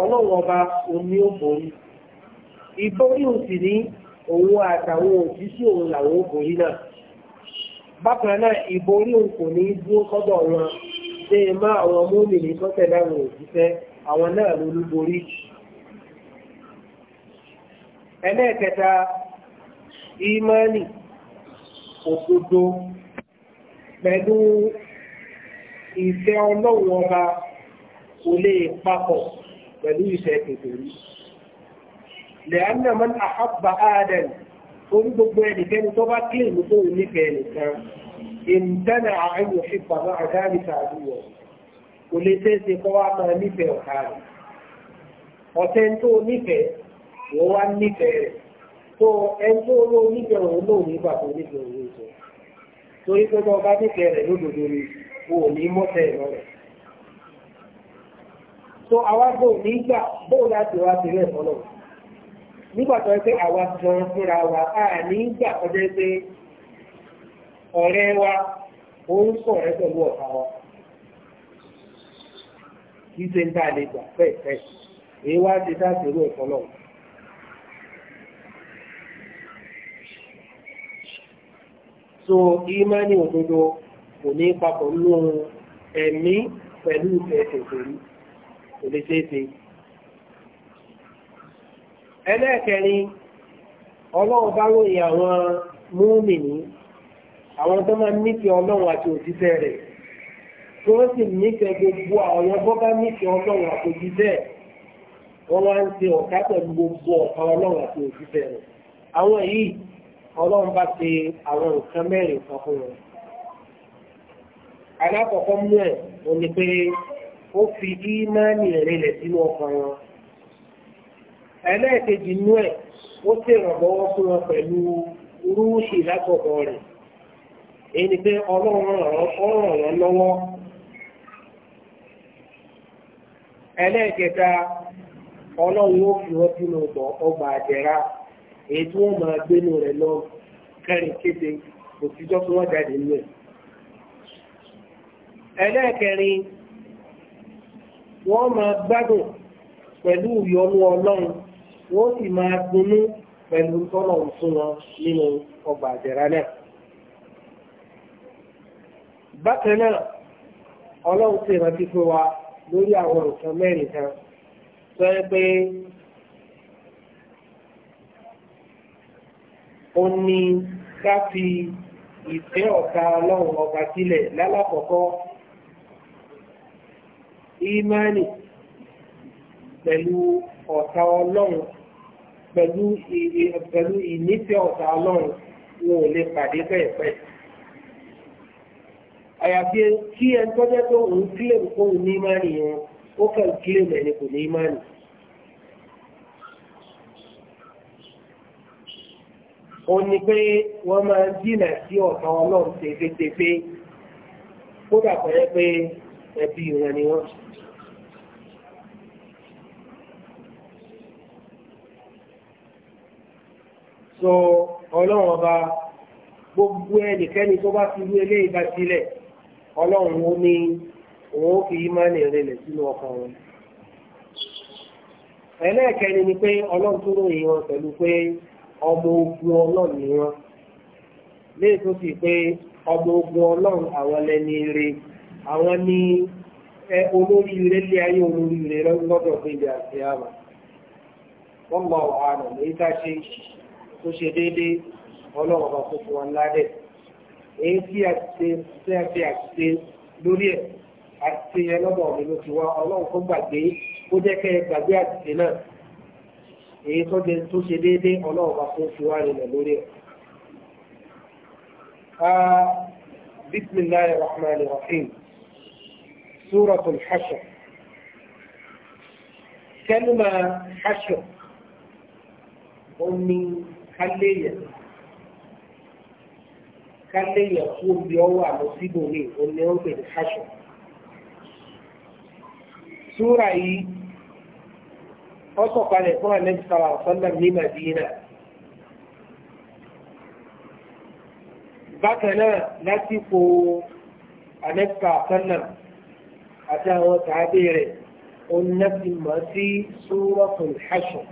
ọlọ́run ọba omi ó borí ìbórí òsì ní òun àtàwọn òjíṣẹ́ òun làwọn ó borí náà bákan náà ìborí òkò ní dúró sọ́dọ̀ wọn ṣe é má àwọn mọ́mìnì tọ́tẹ̀ láwọn òṣìṣẹ́ àwọn náà ló ló borí. ẹlẹ́ẹ̀kẹta ìmánì òdodo pẹ̀lú ìfẹ́ ọlọ́run ọba kò lè papọ̀ pẹ̀lú ìfẹ́ kékeré. lẹ́yìn náà mọ́n àhábà áádẹ́rì torí gbogbo ẹnikẹ́ni tó bá kílè mú tó nífẹ̀ẹ́ nìkan ìmùtẹ́nà àárín òfin pàmò àdáàrí sàdúwọ̀ kò lè tẹ́sí kọ́ wá máa nífẹ̀ẹ́ ọ̀tá rẹ̀ ọ̀tẹ́ tó nífẹ̀ẹ́ wọ́n wá nífẹ̀ẹ́ rẹ̀ tó ẹni tó ló nífẹ̀ẹ́ òun lòun nígbà tó nífẹ̀ẹ́ òun sọ torí pé bọ́ bá nífẹ̀ẹ́ rẹ̀ lódodo ni o ní mọ́tẹ́ ẹ̀rọ rẹ̀ so àwa nígbà bò láti wá sílẹ̀ fọlọ́run nígbàtọ̀ ẹgbẹ́ àwa gan fúnra wa a ní gbà kọjá pé ọ̀rẹ́ wa ó ń sọ̀rẹ́ pẹ̀lú ọ̀tá wa kìí ṣe ń dá lè gbà pẹ́ẹ̀pẹ́ èyí wá ti dá sí irú ẹ̀kọ́ náà. so ìmánì òdodo kò ní papọ̀ nínú ẹ̀mí pẹ̀lú ẹ̀sẹ̀ òṣèlú kò lè ṣeé ṣe. ẹlẹ́ẹ̀kẹrin ọlọ́run bá ròyìn àwọn múmìnì àwọn tó máa nífẹ̀ẹ́ ọlọ́run àti òjíṣẹ́ rẹ̀ wọ́n gbogbo àwọn bá ọlọ́run àti òjíṣẹ́ wọ́n wá ń ṣe gbogbo ọ̀tá ọlọ́run àti òjíṣẹ́ rẹ̀ àwọn yìí ọlọ́run bá ṣe àwọn nǹkan mẹ́rin kan fún wọn. alákọ̀ọ́kọ́ mú ẹ̀ òní pé ẹlẹ́ẹ̀kejì inú ẹ̀ ó ṣèrànlọ́wọ́ fún wọn pẹ̀lú rúùsì látọ̀dọ̀ rẹ̀ èyí pé ọlọ́run ràn wọ́n lọ́wọ́ ẹlẹ́ẹ̀kẹta ọlọ́run ó fi wọ́n sínú ọgbà àjẹrà èyí tí wọ́n máa gbénu rẹ̀ lọ kẹrin kéde kò síjọ́ tí wọ́n jáde ẹlẹ́ẹ̀kẹrin wọ́n máa gbádùn pẹ̀lú ọlọ́run wọ́n sì máa dunnú pẹ̀lú tọ́lọ̀ fún wọn nínú ọgbà àjẹrà náà. bákan náà ọlọ́run ti rántí fún wa lórí àwọn nǹkan mẹ́rin kan tó yẹ pé ó ní ká fi ìfẹ́ ọ̀ka ọlọ́run ọba sílẹ̀ lálàkọ̀ọ́kọ́ ìmánì pẹ̀lú ọ̀tá ọlọ́run pẹ̀lú pẹ̀lú ìnífẹ̀ ọ̀tá ọlọ́run wọn ò lè pàdé bẹ́ẹ̀ pẹ́. àyàfi kí ẹ tọ́jọ́ tó òun kílèmù kó òun ní ìmánì wọn ó kàn kílèmù ẹni kò ní ìmánì. ó ní pé wọ́n máa ń dínà sí ọ̀tá ọlọ́run tefetefe kódà pẹ̀lẹ́ pé ẹbí wọn ni wọ́n sọ. sọ ọlọ́run ọba gbogbo ẹnikẹ́ni tó bá fi wú eléyìí bá ọlọ́run ó ní òun ó fi ìmánì rẹlẹ̀ sínú ọkàn wọn. ẹlẹ́ẹ̀kẹ́ni ni pé ọlọ́run tó wọn pẹ̀lú pé ọmọ ogun ọlọ́run ni wọn tó sì ogun ọlọ́run àwọn àwọn ní olórí lé ayé ire lọ́dọ̀ pé ilé àti wọ́n mọ tó ṣe déédé ọlọ́run ọba tó fún wa ládẹ̀ èyí tí a ti ṣe tí a fi àṣìṣe lórí ẹ̀ àṣìṣe yẹn lọ́dọ̀ mi ló ti wá ọlọ́run tó gbàgbé ó jẹ́ kẹ́ ẹ gbàgbé àṣìṣe náà èyí tó ṣe déédé ọlọ́run ọba tó fi wá rìnlẹ̀ lórí ẹ̀. بسم الله الرحمن الرحيم سورة الحشر كلمة حشر ó خلية خلية يقول يوا نصيبه لي ونيوم في سورة إي أتو قال النبي صلى الله عليه وسلم لمدينة بكنا نتفو النبي صلى الله عليه وسلم أتاه تعبيره النبي المسيح سورة الحشر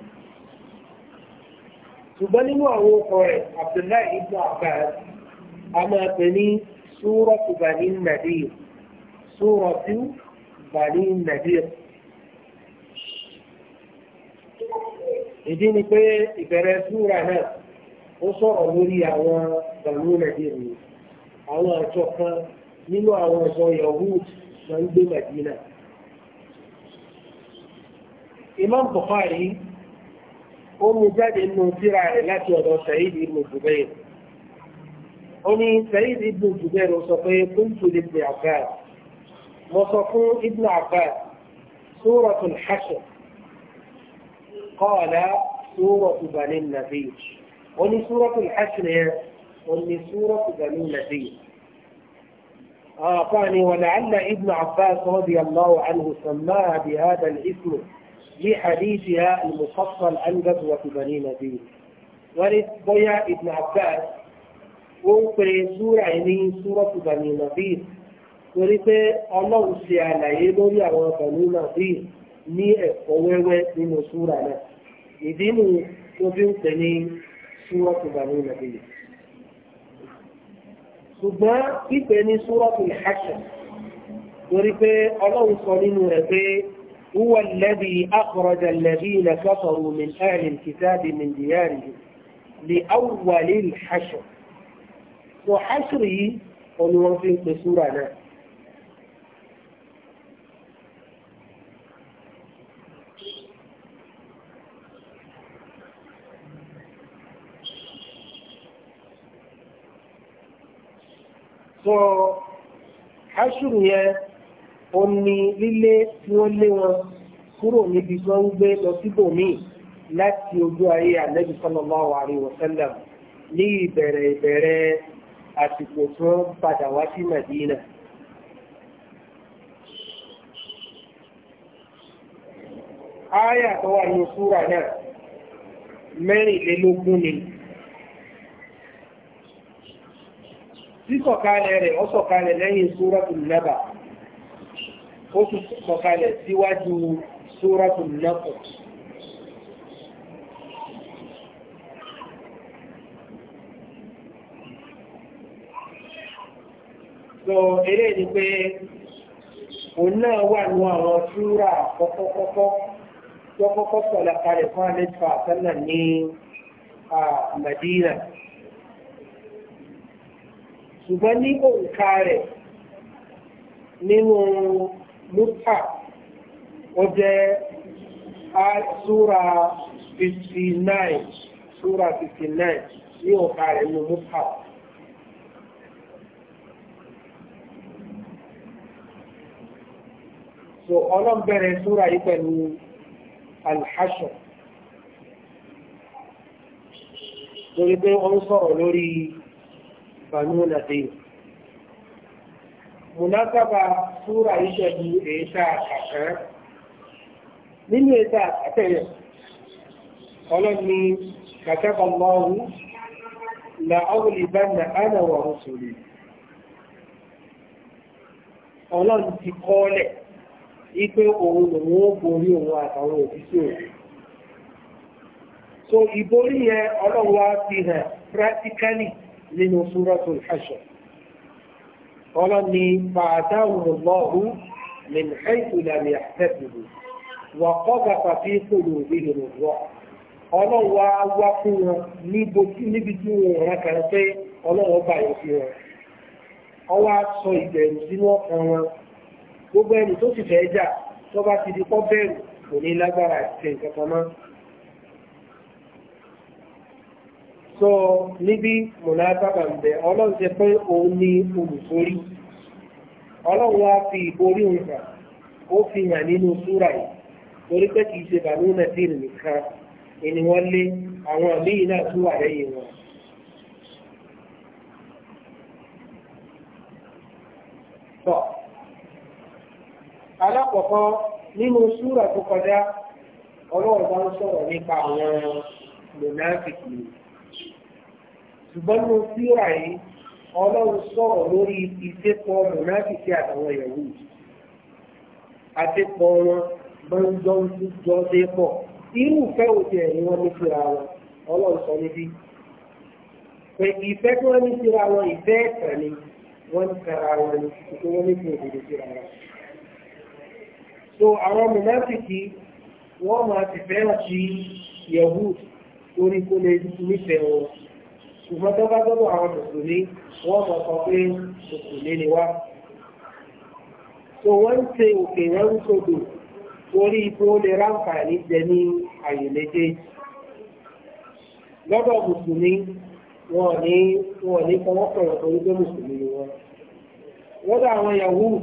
ṣùgbọ́n nínú àwọn ọkọ̀ rẹ̀ Abdullahi ibn Abbas a máa pè ní Bani Nadir súrọ̀tù Bani Nadir. ìdí ni pé ìbẹ̀rẹ̀ súra náà ó sọ̀rọ̀ lórí àwọn Bani Nadir ni àwọn àjọ kan nínú àwọn ọ̀sọ̀ Yahud máa Madina. Imam Bukhari أمي جاد بن سيرة علاقة ودو سعيد إبن الزبير أمي سعيد بن الزبير وصفه قلت لابن عباس وصفو إبن عباس سورة الحشر قال سورة بني النبي أمي سورة الحشر يا أمي سورة بني النبي آه فعني ولعل ابن عباس رضي الله عنه سماها بهذا الاسم لحديثها المفصل عن غزوة بني نذير ولبيع ابن عباس وفي سورة يعني سورة بني نذير torí pé ọlọ́run ṣe àlàyé lórí àwọn bẹ̀rù nàbíì ní ẹ̀kọ́ wẹ́wẹ́ nínú súra náà ìdí nu tó fi ń pè ní súrọ́tù bẹ̀rù nàbíì. ṣùgbọ́n pípè ní súrọ́tù ìhàṣà torí pé ọlọ́run sọ nínú rẹ̀ pé هو الذي أخرج الذين كفروا من أهل الكتاب من ديارهم لأول الحشر وحشره عنوان في سورة so حشر ó ní lílé tí wọ́n lé wọn kúrò níbi tí wọ́n ń gbé lọ síbòmíì láti ojú ayé ànábì sallallahu alaihi wasallam ní ìbẹ̀rẹ̀ ìbẹ̀rẹ̀ àsìkò tí wọ́n padà wá sí Madina. Áyà tó ní súra náà mẹ́rìnlélógún ni. Sísọ̀kalẹ̀ rẹ̀ ó lẹ́yìn súratul Naba ó tún sọ̀kalẹ̀ síwájú sóràtún náà So, eré ni pé òun náà wà ní àwọn súrà kọ́kọ́kọ́kọ́ tó kọ́kọ́ sọ̀lá kalẹ̀ fún àlejò àtọ́nà ní Madina. Ṣùgbọ́n ní òǹkà rẹ̀ nínú lúpà ó jẹ́ súra 59 súra 59 ní ọ̀ka rẹ̀ ní lúpà. so ọlọ́n bẹ̀rẹ̀ súra yìí pẹ̀lú alhasho torí pé ń sọ̀rọ̀ lórí banu nadine mùnásábà súra ìṣẹ̀lú èyíká àkàkẹ́ nínú èyíká àkàkẹ́ yẹn ọlọ́ni kàkẹ́kọ̀ọ́ lọ́rùn la ọ̀rùlìbánà ánàwọ̀ òṣèlú ọlọ́run ti kọ́ọ́lẹ̀ wípé òun lòun ó borí òun àtàwọn òbíṣẹ́ òun so ìborí yẹn ọlọ́run wá hàn practically nínú ọlọ́ni fàádáhùn lọ́rù min haitu lam yahtasibu wa qadhafa fi qulubihim rọ̀ ọlọ́wà wá fún wọn níbi tí wọn rán kan pé ọlọ́wọ́ bá yọ wọn ọwọ́ sọ ìbẹ̀rù sínú ọkàn wọn gbogbo ẹni tó sì fẹ́ jà tó bá ti di kọ́ bẹ̀rù kò ní lágbára àti nǹkan kan mọ́ so níbi mùnàbàbà ń bẹ ọlọ́run ṣe pé òun ni olùsórí ọlọ́run wá fi òun hàn fi hàn nínú súra yìí torí pé kì ṣe bàbá nàìjíríà nìkan ni lé àwọn míì náà tún lẹ́yìn wọn. sọ alákọ̀ọ́kọ́ nínú súra tó kọjá ọlọ́run bá ń sọ̀rọ̀ nípa àwọn ṣùgbọ́n ní síra yìí ọlọ́run sọ̀rọ̀ lórí ìdépọ̀ mọ̀nàfíìsì àtàwọn ìyàwó àdépọ̀ wọn gbọ́njọ́ jọ dépọ̀ irúfẹ́ òde ẹ̀yìn wọn ní síra wọn ọlọ́run sọ níbí pé ìfẹ́ tí wọ́n ní síra wọn ìfẹ́ ẹ̀tàn ni wọ́n ń tara wọn ni kí wọ́n ní fún òdodo síra wọn. so àwọn mọ̀nàfíìsì wọ́n máa ti fẹ́ràn sí yahoo torí kó lè nífẹ̀ẹ́ wọn ṣùgbọ́n tó bá gbọ́dọ̀ àwọn mùsùlùmí wọ́n mọ̀ sọ pé mùsùlùmí ni wá. tó wọ́n ń ṣe òkè wọ́n ń sodò orí ipò lè ráǹfààní jẹ ní àyè méje. lọ́dọ̀ mùsùlùmí wọn ní wọn ní fọwọ́ pẹ̀lú torí pé mùsùlùmí ni wọn. lọ́dọ̀ àwọn Yahud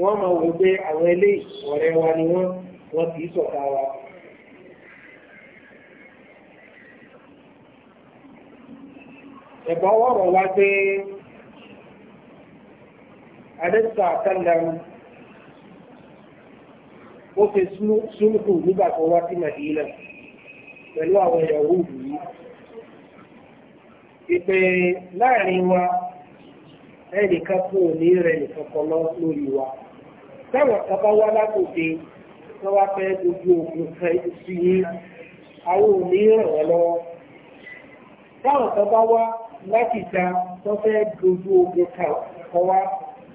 wọ́n máa wò pé àwọn eléyìí ọ̀rẹ́ wa ni wọ́n wọ́n kì í ṣọ̀tá wa. ẹ̀gbọ́n wọ̀rọ̀ wá pé àdẹ́sà àtàlẹ́mù ó ṣe súnmùkù nígbà tó wá sí Màdínà pẹ̀lú àwọn ìyàwó yìí. Ìpè láàrin wa ẹnìkan kú òní rẹ̀ nìkan kan lórí wa. Táwọn kan bá wá látòde wọ́n wá fẹ́ dojú ogun kan sí àwọn òní ràn wọ́n lọ́wọ́. láti ta tó fẹ́ dojú ogun kọwa wá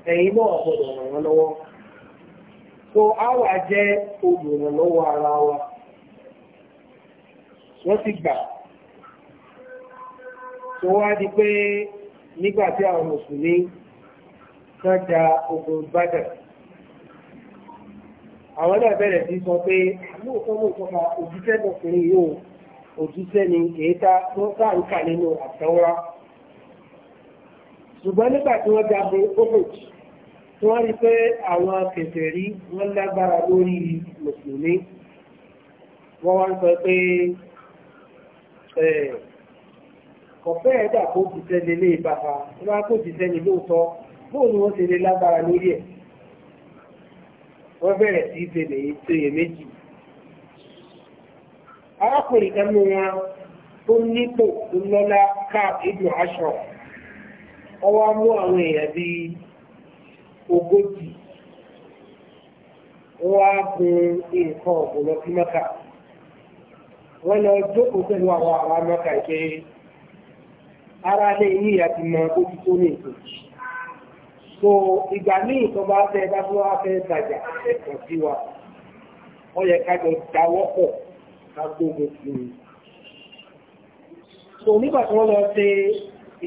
náà gbọ́dọ̀ ràn lọ́wọ́. So jẹ́ olùrànlọ́wọ́ ara wa. Wọ́n ti gbà. Tó wá di pé nígbà tí àwọn mùsùlùmí kan da ogun Badr àwọn náà bẹ̀rẹ̀ sí sọ pé lóòótọ́ lóòótọ́ òjíṣẹ́ yóò òjíṣẹ́ ni èyí tá ń ṣùgbọ́n nígbà tí wọ́n jagun ogoji tí wọ́n rí pé àwọn kèfèrí wọ́n lágbára lórí mùsùlùmí wọ́n wá ń sọ pé kọ̀fẹ́ ẹ̀dà kó jìṣẹ́ lélé ìbáfa wọ́n wá kó jìṣẹ́ ní lóòótọ́ bóò ni wọ́n ṣe lè lágbára lórí ẹ̀ wọ́n bẹ̀rẹ̀ sí ṣe lè ṣeyè méjì arákùnrin kan ní wọn tó nípò lọ́lá káàkiri aṣọ ọwọ́ mú àwọn èèyàn bí ogójì wọ́n á gun nǹkan ọ̀gbìn lọ sí mẹ́ka wọ́n lọ jókòó pẹ̀lú àwọn àwọn mẹ́ka ìpè ara lè ní àti mọ ojú tó ní ètò so ìgbà míì tó bá fẹ́ bá tó wá fẹ́ gbàjà ẹ̀kọ́ sí wa wọ́n yẹ ká jọ dáwọ́ pọ̀ ká gbógun sí i so nígbà tí wọ́n lọ ṣe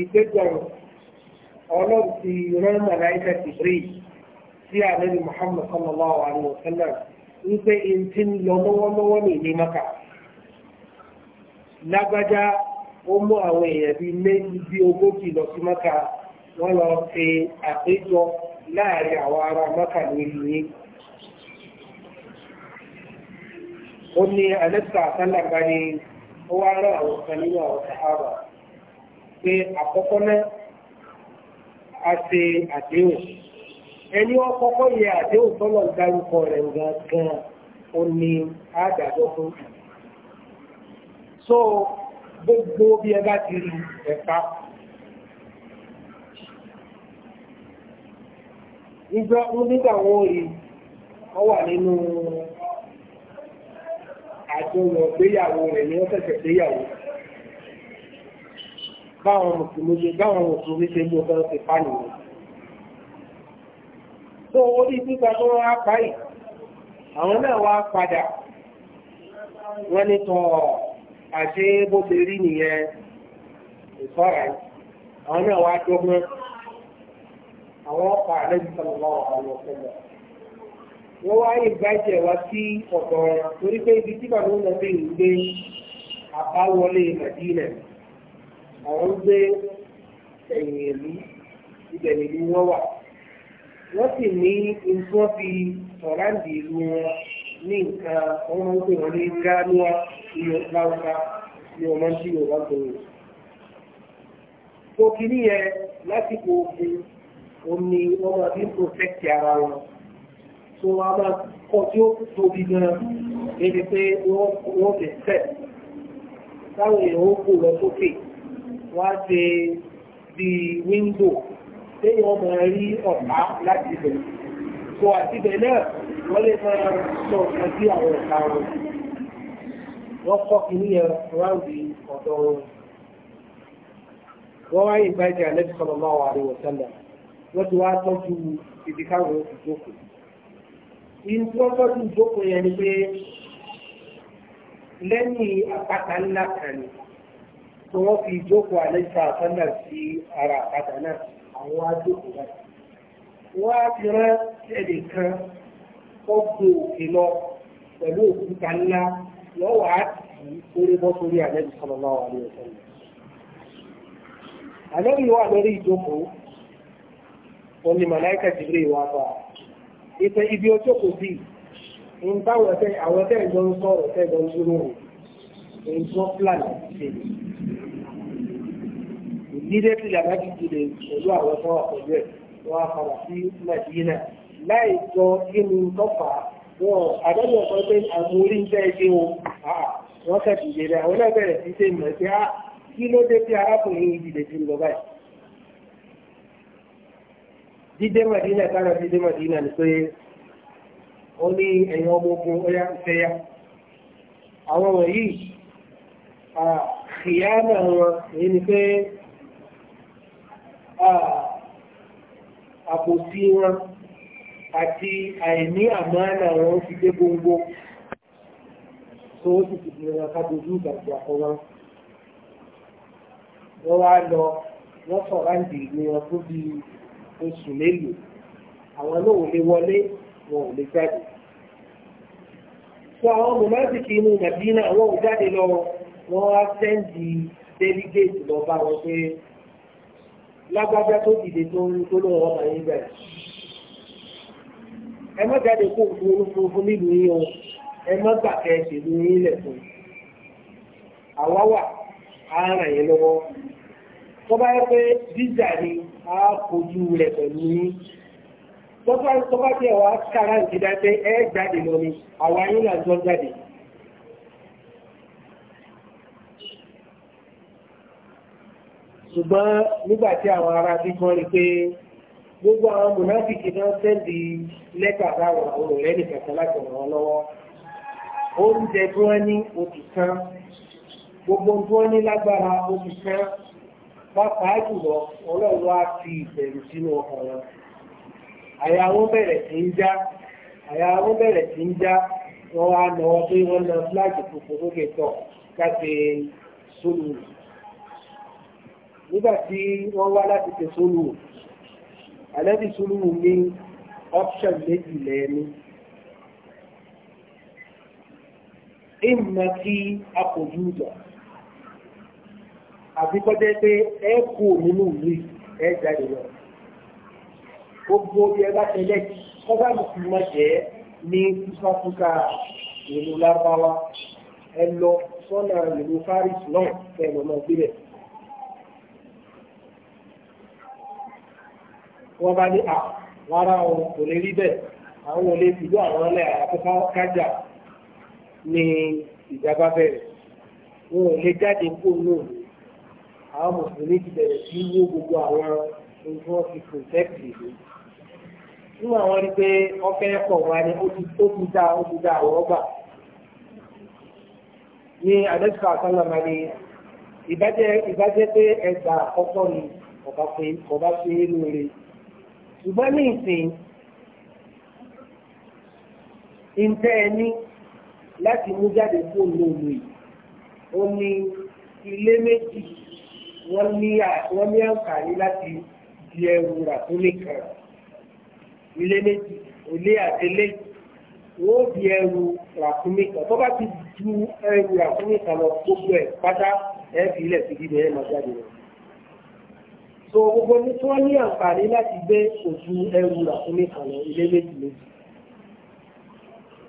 ìgbẹ́jọ́ ọlọ́run ti rán màláìkà tìbírí sí àlẹ́lì muhammad sallallahu alayhi wa sallam wípé n ti ń lọ lọ́wọ́lọ́wọ́ ní ìlú maka lágbájá ó mú àwọn èèyàn bíi méjì bíi ogójì lọ sí maka wọ́n lọ ṣe àpéjọ láàrin àwọn ará maka nílùú yìí. ó ní alẹ́sà sálàgbá ni ó wá rán àwọn kan nínú àwọn sàhábà pé àkọ́kọ́ náà a ṣe àdéhùn ẹni wọn kọ́kọ́ yẹ àdéhùn tọ́lọ̀ dárúkọ rẹ̀ gangan ó ní àdàjọ́ fún so gbogbo bí ẹ bá ti rí ẹ̀ka nígbà nígbà wọn rí wọn wà nínú àjọyọ̀ ìgbéyàwó rẹ̀ ní wọ́n fẹ̀sẹ̀ gbéyàwó rẹ̀. báwọn mùsùlùmí ṣe báwọn mùsùlùmí ṣe gbogbo ọ̀sẹ̀ fáàlì wọn. tó orí gbígba tó wá parí àwọn náà wá padà wọ́n ní tọ́ àṣé bó ṣe rí nìyẹn ìfọ́ra àwọn náà wá dọ́gbọ́n àwọn ọkọ̀ àlejò sọ̀rọ̀ àwọn wọ́n wá wá sí torí pé ibi tí bàbá àwọn gbé ẹ̀yìn ìlú ibẹ̀ nìlú wọn wà wọ́n sì ní nǹkan fi ọ̀ráǹdì ìlú wọn ní nǹkan wọ́n máa ń pè wọ́n ní gánúà iyọ̀ láwùká ní ọmọ tí yorùbá gbòòrò. tó kìíní yẹn lásìkò ogun omi wọ́n máa fi ń protẹ́kì ara wọn tó wọ́n máa kọ́ tí ó tóbi gan-an débi pé wọ́n fi tẹ̀ táwọn èèyàn ó kó lọ sókè wọ́n á ṣe bí wíńdò téèyàn ọmọ rí ọ̀pá láti ibẹ̀. So àti ibẹ̀ náà wọ́n lè máa sọ ọ̀kan sí àwọn ọ̀tá wọn. Wọ́n kọ́ kìíní yẹn ráùndì ọ̀dọ́ wọn. Wọ́n wá yìí gbájú àlẹ́bí sọ̀rọ̀ máa wà ní wọ̀sánlá. Wọ́n ti wá tọ́jú ibi káwọn oṣù jókòó. Ìyẹn tí wọ́n tọ́jú ìjókòó yẹn ni pé lẹ́yìn àpáta ńlá kan ni. tí wọ́n fi jókòó àlẹ́sà àtọ́nà sí ara àpáta náà àwọn ajókòó náà. wọ́n á fi rán ẹ̀dẹ̀ kan tó gbé òkè lọ pẹ̀lú òkúta ńlá lọ́wọ́ á tì í kórè bọ́ sórí àlẹ́bí sallallahu alaihi wasallam. àlẹ́bí wà lórí ìjókòó wọn ni màláìkà Jibril wà bá ìfẹ́ ibi ọjọ́ kò nílé tí làbá ti jìnlẹ̀ pẹ̀lú àwọn ọmọ pẹ̀lú ẹ̀ wọ́n á padà sí Nàìjíríà láì jọ inú tọ́fà wọn àdájọ́ sọ pé àwọn orí ń tẹ́ ẹgbẹ́ wọn wọ́n kẹ́kì yé rẹ̀ àwọn ẹgbẹ̀rẹ̀ sí ṣe mọ̀ pé á kí ló dé tí arákùnrin ìdílé ti lọ báyìí. dídé Màdínà tára dídé Màdínà ni pé ó ní ẹ̀yìn ọmọ ogun ó yá fẹ́ yá àwọn wọ̀nyí àkìyá náà wọn èyí ni pé àbòsí wọn àti àìní àmàlà wọn fi dé gbogbo tó ó sì tìbí wọn ká dojú ìgbàgbé àkọwá wọ́n wá lọ wọ́n sọ̀rọ̀ àǹdì ìlú wọn tó bí oṣù mélòó àwọn náà ò lè wọlé wọn ò lè jáde fún àwọn mọ̀láṣíkì inú Màdínà àwọn ò jáde lọ wọ́n wá sẹ́ǹdì délígéètì lọ bá wọn pé lágbájá tó dìde tó ń tó lóun ọmọ yín bẹ̀rẹ̀. ẹ má jáde kó òfin olúfurufú nílùú yín o ẹ má gbà kẹ ẹ ṣèlú yín lẹ̀ àwa wà á ràn yín lọ́wọ́. tó bá yẹ pé dídà ni a kojú rẹ̀ pẹ̀lú yín. tó bá tó bá tiẹ̀ wá kára ìdídá pé ẹ jáde lọ ni àwa yín là ń jọ jáde ṣùgbọ́n nígbà tí àwọn ará bí kan rí pé gbogbo àwọn mùnáfíkì náà sẹ́ndì lẹ́tà láwọn òun rẹ̀ nìkẹ̀kẹ́ láti ràn wọ́n lọ́wọ́ oúnjẹ tí wọ́n ní oṣù kan gbogbo tí wọ́n ní lágbára oṣù kan pàápàá jùlọ ọlọ́run wá fi ìbẹ̀rù sínú ọkàn wọn àyà wọn bẹ̀rẹ̀ sí ń já àyà wọn bẹ̀rẹ̀ sí ń já wọn wá náwó pé wọ́n na fúláàgì funfun lókè tọ̀ láti sólù nígbà tí wọ́n wá láti ṣe sólù àlẹ́bí sólù ní option méjì lẹ́ẹ̀ni ìmọ̀ kí a kò ju ìjà àfi kọjá pé ẹ kú nínú ìlú ẹ jáde lọ gbogbo ẹ bá tẹlẹ kọjá mùsùlùmá jẹ ní fúsàfúsà ìlú lábáwá ẹ lọ sọ́nà ìlú Paris náà kẹlọ náà gbé bẹ́ẹ̀. wọ́n bá ní à rárá o kò lè rí bẹ́ẹ̀ àwọn olè fìdú àwọn ọlẹ́ àkókò kájà ni ìjàmbá bẹ̀rẹ̀ wọn ò lè jáde kó lóun àwọn mùsùlùmí ti bẹ̀rẹ̀ sí wó gbogbo àwọn ohun tí wọ́n ti protect ìlú nínú àwọn rí pé ọfẹ́ pọ̀ wá ní ó ti dá ó ti dá àwọn ọgbà ní àdẹ́sùkà sálàmà ni ìbájẹ́ pé ẹgbà àkọ́kọ́ ni ọba pé ọba pé lóore ṣùgbọ́n ní ìsìn ìtẹ́ ẹni láti mú jáde fún olóòlù yìí ó ní ilé méjì wọ́n ní àǹfààní láti di ẹrù rà tó lè kàn ilé méjì ilé àtẹlé wọ́n di ẹrù rà fún mi kan tó bá ti ju ẹrù rà fún mi kan lọ gbogbo ẹ̀ pátá ẹ̀ fi ilẹ̀ sí gidi ẹ̀ máa jáde rẹ̀ so gbogbo ní tí wọ́n ní àǹfààní láti gbé òjú ẹrù ràkúnmí kan lọ ilé méjì méjì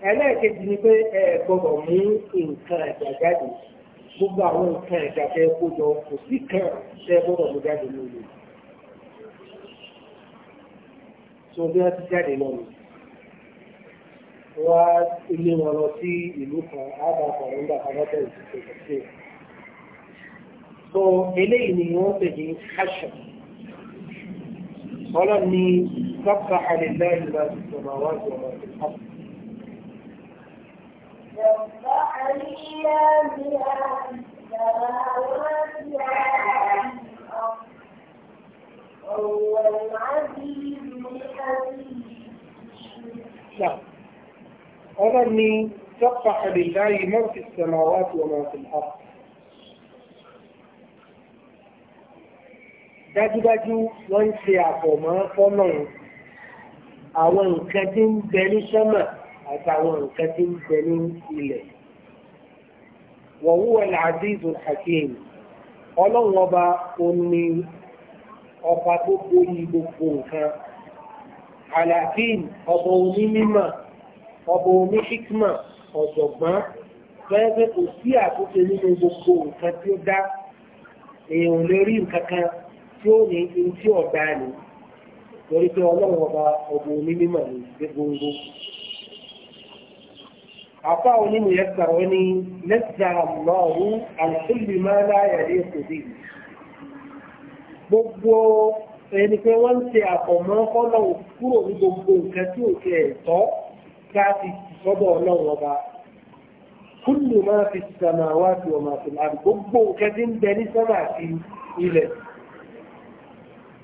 ẹlẹ́ẹ̀kejì ni pé ẹ gbọ́dọ̀ mú nǹkan ẹ̀jà jáde gbogbo àwọn nǹkan ẹ̀jà tẹ kó jọ kò sí kan tẹ gbọ́dọ̀ mú jáde lórí so bí wọ́n ti jáde lọ nù wá ilé wọn lọ sí ìlú kan àbàkọ̀ nígbà kan lọ́tẹ̀ ìsìnkú ìsìnkú so eléyìí ni wọ́n pè ní aṣọ. ولمي سبح لله ما في السماوات وما في الارض نعم. سبح لله ما في السماوات وما في الارض dájúdájú wọ́n ń ṣe àfọ̀mọ́ fọ́nà àwọn nǹkan tí ń bẹ ní sọ́mà àtàwọn nǹkan tí ń bẹ ní ilẹ̀. wọ̀wúwọ̀ làdíìzù hakeem ọlọ́run ọba òní ọba tó gbóyè gbogbo nǹkan alakim ọba oní mímọ̀ ọba oní hikma ọ̀jọ̀gbọ́n fẹ́ẹ́fẹ́ kò sí àtúnṣe nínú gbogbo nǹkan tí ó dá èèyàn lè nǹkan kan tí ó ní ọ tí ọ̀gá ni torí pé ọlọ́run ọba ọba onímọ̀ ní gbogbo. Àfa onímọ̀ yẹn sọ̀rọ̀ ní máa láyà ní èkó bí. Gbogbo ẹni pé wọ́n ń ṣe kúrò ní gbogbo nǹkan tí ò ẹ̀tọ́ ká fi sọ́dọ̀ ọlọ́run ọba. fi sàmà wá sí ọmọ Gbogbo nǹkan tí ń bẹ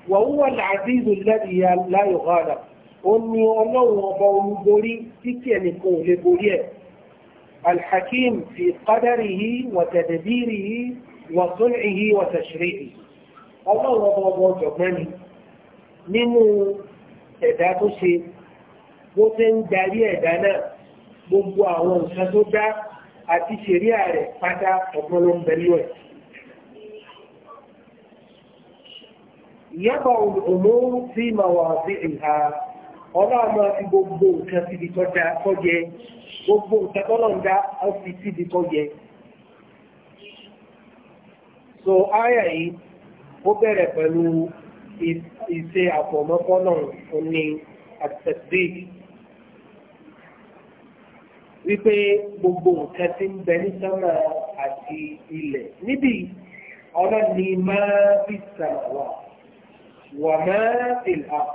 wàhúwà làdíìzù lẹ́dìyà láyò hàdà ó ní ọlọ́run ọba olúborí títí ẹnìkan ò lè borí ẹ̀ alhakim fi qadarihi wa tadbirihi wa sun'ihi wa tashri'ihi ọlọ́run ọba ọba ọ̀jọ̀gbọ́n ni nínú ẹ̀dá tó ṣe bó ṣe ń darí ẹ̀dá náà gbogbo àwọn nǹkan tó dá àti ṣẹ̀ríà rẹ̀ pátá ọ̀pọ̀lọpọ̀ pẹ̀lú ẹ̀. yẹ́bọ̀ òmòrò sí màwà sí ìhà ọlọ́ọ̀mọ ti gbogbo nǹkan síbi tọ́jà kọ́jẹ gbogbo nǹkan tọ́lọ́ǹda ọ̀sì síbi kọ́jẹ. so áyà yìí ó bẹ̀rẹ̀ pẹ̀lú ìṣe àfọ̀mọ́kọ́nà òní àtẹ̀sí wípé gbogbo nǹkan ti ń bẹ ní sánmà àti ilẹ̀ níbi ọlọ́ni máa bí sàmà wà. وما في الأرض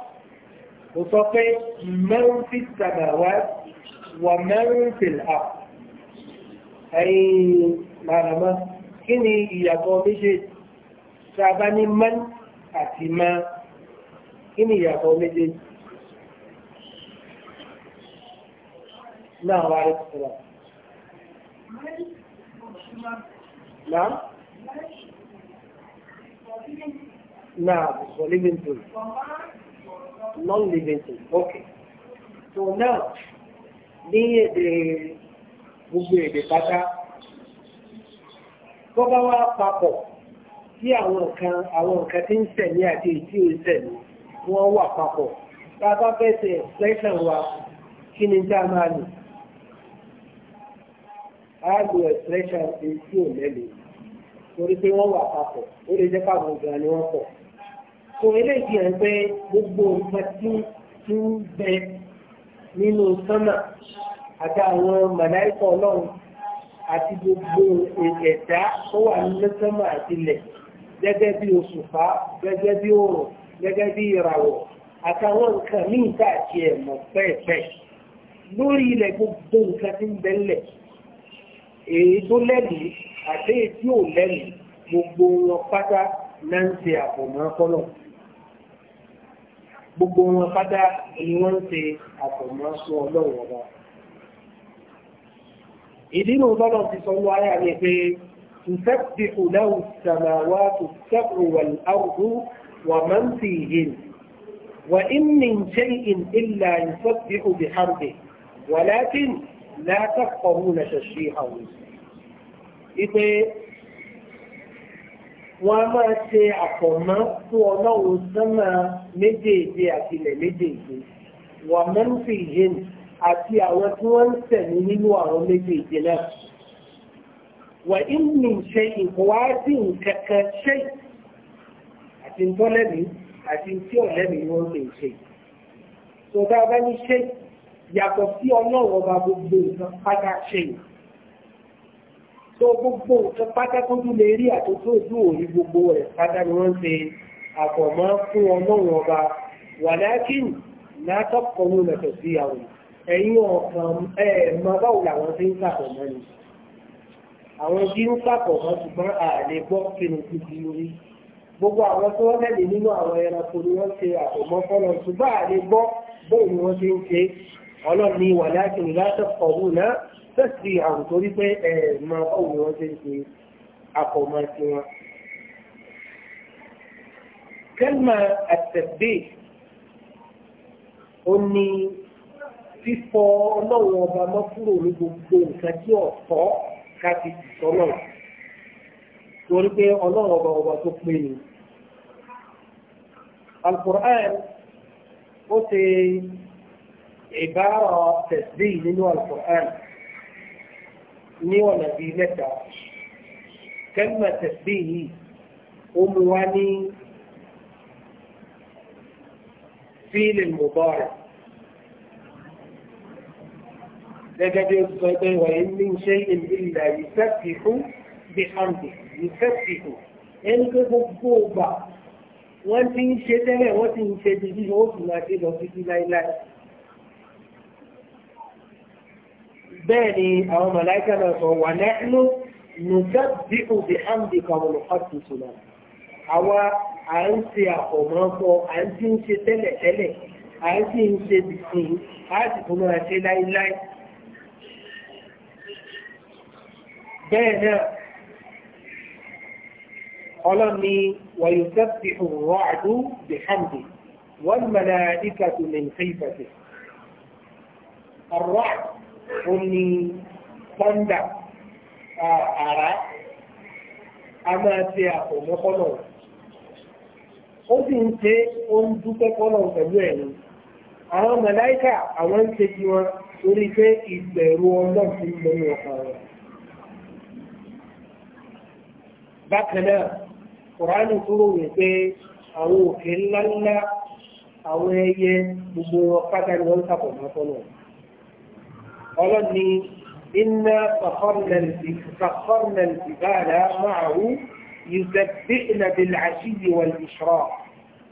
وصفي من في السماوات ومن في الأرض أي معلمة كني يقول مجد سابني من أتما كني يقول مجد نعم عليك السلام نعم Now, for living tool. Non-living tool. Okay. So now, ní èdè gbogbo èdè pátá, tó bá wá papọ̀ tí àwọn nǹkan àwọn nǹkan tí ń sẹ̀mí àti èyí tí ò ń sẹ̀mí wọ́n wà papọ̀. Tá a bá fẹ́ ṣe expression wa, kí ni tá a máa lò? A lo expression èyí tí ò lẹ́lẹ̀ torí pé wọ́n wà papọ̀. Ó lè jẹ́ káwọn gan ni wọ́n pọ̀ kò eléyìí ẹ̀ pé gbogbo nǹkan tí tí ń bẹ nínú sánmà àti àwọn màláìkọ ọlọ́run àti gbogbo ẹ̀dá tó wà nínú sánmà àti ilẹ̀ gẹ́gẹ́ bí òṣùpá gẹ́gẹ́ bí òrùn gẹ́gẹ́ bí ìràwọ̀ àtàwọn nǹkan míì tá àti ẹ̀mọ̀ pẹ́ẹ̀pẹ́ lórí ilẹ̀ gbogbo nǹkan tí ń bẹ lẹ̀ èyí tó lẹ́mìí àti èyí tí ò lẹ́mìí gbogbo wọn pátá náà ń ṣe àpòmọ́ kọ́lọ̀. gbogbo wọn pátá ni wọ́n ń ṣe àfọ̀mọ́sọ ọlọ́run ọba. ìdí nù tọ́lọ̀ ti sọ wọ́n ayà ni pé تسبح له السماوات السبع والأرض ومن فيهن وإن من شيء إلا يسبح بحمده ولكن لا تفقهون تشريحه. إذا wọ́n a máa ṣe àfọ̀mọ́ fún ọlọ́run sánmà méjèèjì àti ilẹ̀ méjèèjì wà mẹ́ńfì yẹn àti àwọn tí wọ́n ń tẹ̀lé nínú àwọn méjèèjì náà. wà ìmù ṣe ìwádìí nǹkankan ṣe àti ntọ́lẹ́mí àti tí ọ̀lẹ́mí wọ́n lè ṣe. tó dáa bá ní ṣe yàtọ̀ sí ọlọ́run ọba gbogbo nǹkan pátá ṣe yìí tó gbogbo nǹkan pátákójú lè rí àtúntò ojú òní gbogbo rẹ̀ pátá ni wọ́n ń ṣe àfọ̀mọ́ fún ọlọ́run ọba wàlákìn látọ́kọ̀ ní ọ̀tọ̀ sí àwọn ẹ̀yìn ọ̀kan ẹ̀ẹ̀mọ báwo làwọn ti ń sàfọ̀mọ́ ni àwọn tí ń sàfọ̀mọ́ ṣùgbọ́n ààrẹ gbọ́ kínú títí lórí gbogbo àwọn tí wọ́n lẹ́lẹ̀ nínú àwọn ẹranko ni wọ́n ṣe àfọ̀mọ́ fọ́lọ́ ṣùgbọ́n ààrẹ gbọ́ bóun ni wọ́n ti ń ṣe ọlọ́run ni wàlákìn látọ́kọ̀ ní ọ̀tọ̀ tẹ́sí àwọn torí pé ẹ̀ máa báwo ni wọ́n ṣe ń ṣe akọ̀ọ̀mọ́ sí wọn. kẹ́lìmà àtẹ̀bẹ́ ó ní fífọ ọlọ́run ọba mọ́ kúrò ní gbogbo nǹkan tí ọ̀tọ̀ ká fi tìtọ́ náà torí pé ọlọ́run ọba ọba tó pé ni. al ó ṣe ìbára tẹ̀sí nínú al ní ọ̀nà bíi mẹ́ta kẹ́mà tẹ̀sí yìí ó mú wá ní fíìlì mùbọ́rẹ̀ gẹ́gẹ́ bí ó sọ pé wọ̀nyí ní ṣe ìlà ìfẹ́fìhù bí hàndì ìfẹ́fìhù ẹni pé gbogbo ọgbà wọ́n ti ń ṣe tẹ́lẹ̀ wọ́n ti ń ṣe dídí ó sì máa ṣe lọ títí láíláí. bẹ́ẹ̀ ni àwọn màláíkà náà sọ wà nẹ́ẹ̀lú nùgbà bí kò bí hàmdì kan lọ fàtì sùnà àwa à ń ṣe àfọ̀mọ́ fọ à ń tí ń ṣe tẹ́lẹ̀ tẹ́lẹ̀ à ń tí ń ṣe bìsìn á sì tún máa ṣe láíláí bẹ́ẹ̀ náà ọlọ́ni wàyùsẹ́fì rọ̀àdú bí hàmdì wọ́n màláíkà tó lè ń fẹ́ ìfẹ̀sẹ̀ الرعد ó ní pọ́ńdà àrá a máa ṣe àpòmọ́ kọ́nà ó sì ń ṣe ó ń dúpẹ́ kọ́nà pẹ̀lú ẹ̀yìn àwọn màláíkà àwọn ń ṣe ti wọn torí pé ìbẹ̀rù ọlọ́run ti ń lọ ní ọkàn wọn. bákan náà kùránì kúrò wípé àwọn òkè ńláńlá àwọn ẹyẹ gbogbo ọ̀pá ni wọ́n ń sàpọ̀ kọ́nà قالني إنا سخرنا الجبال معه يسبئن بالعشي والإشراق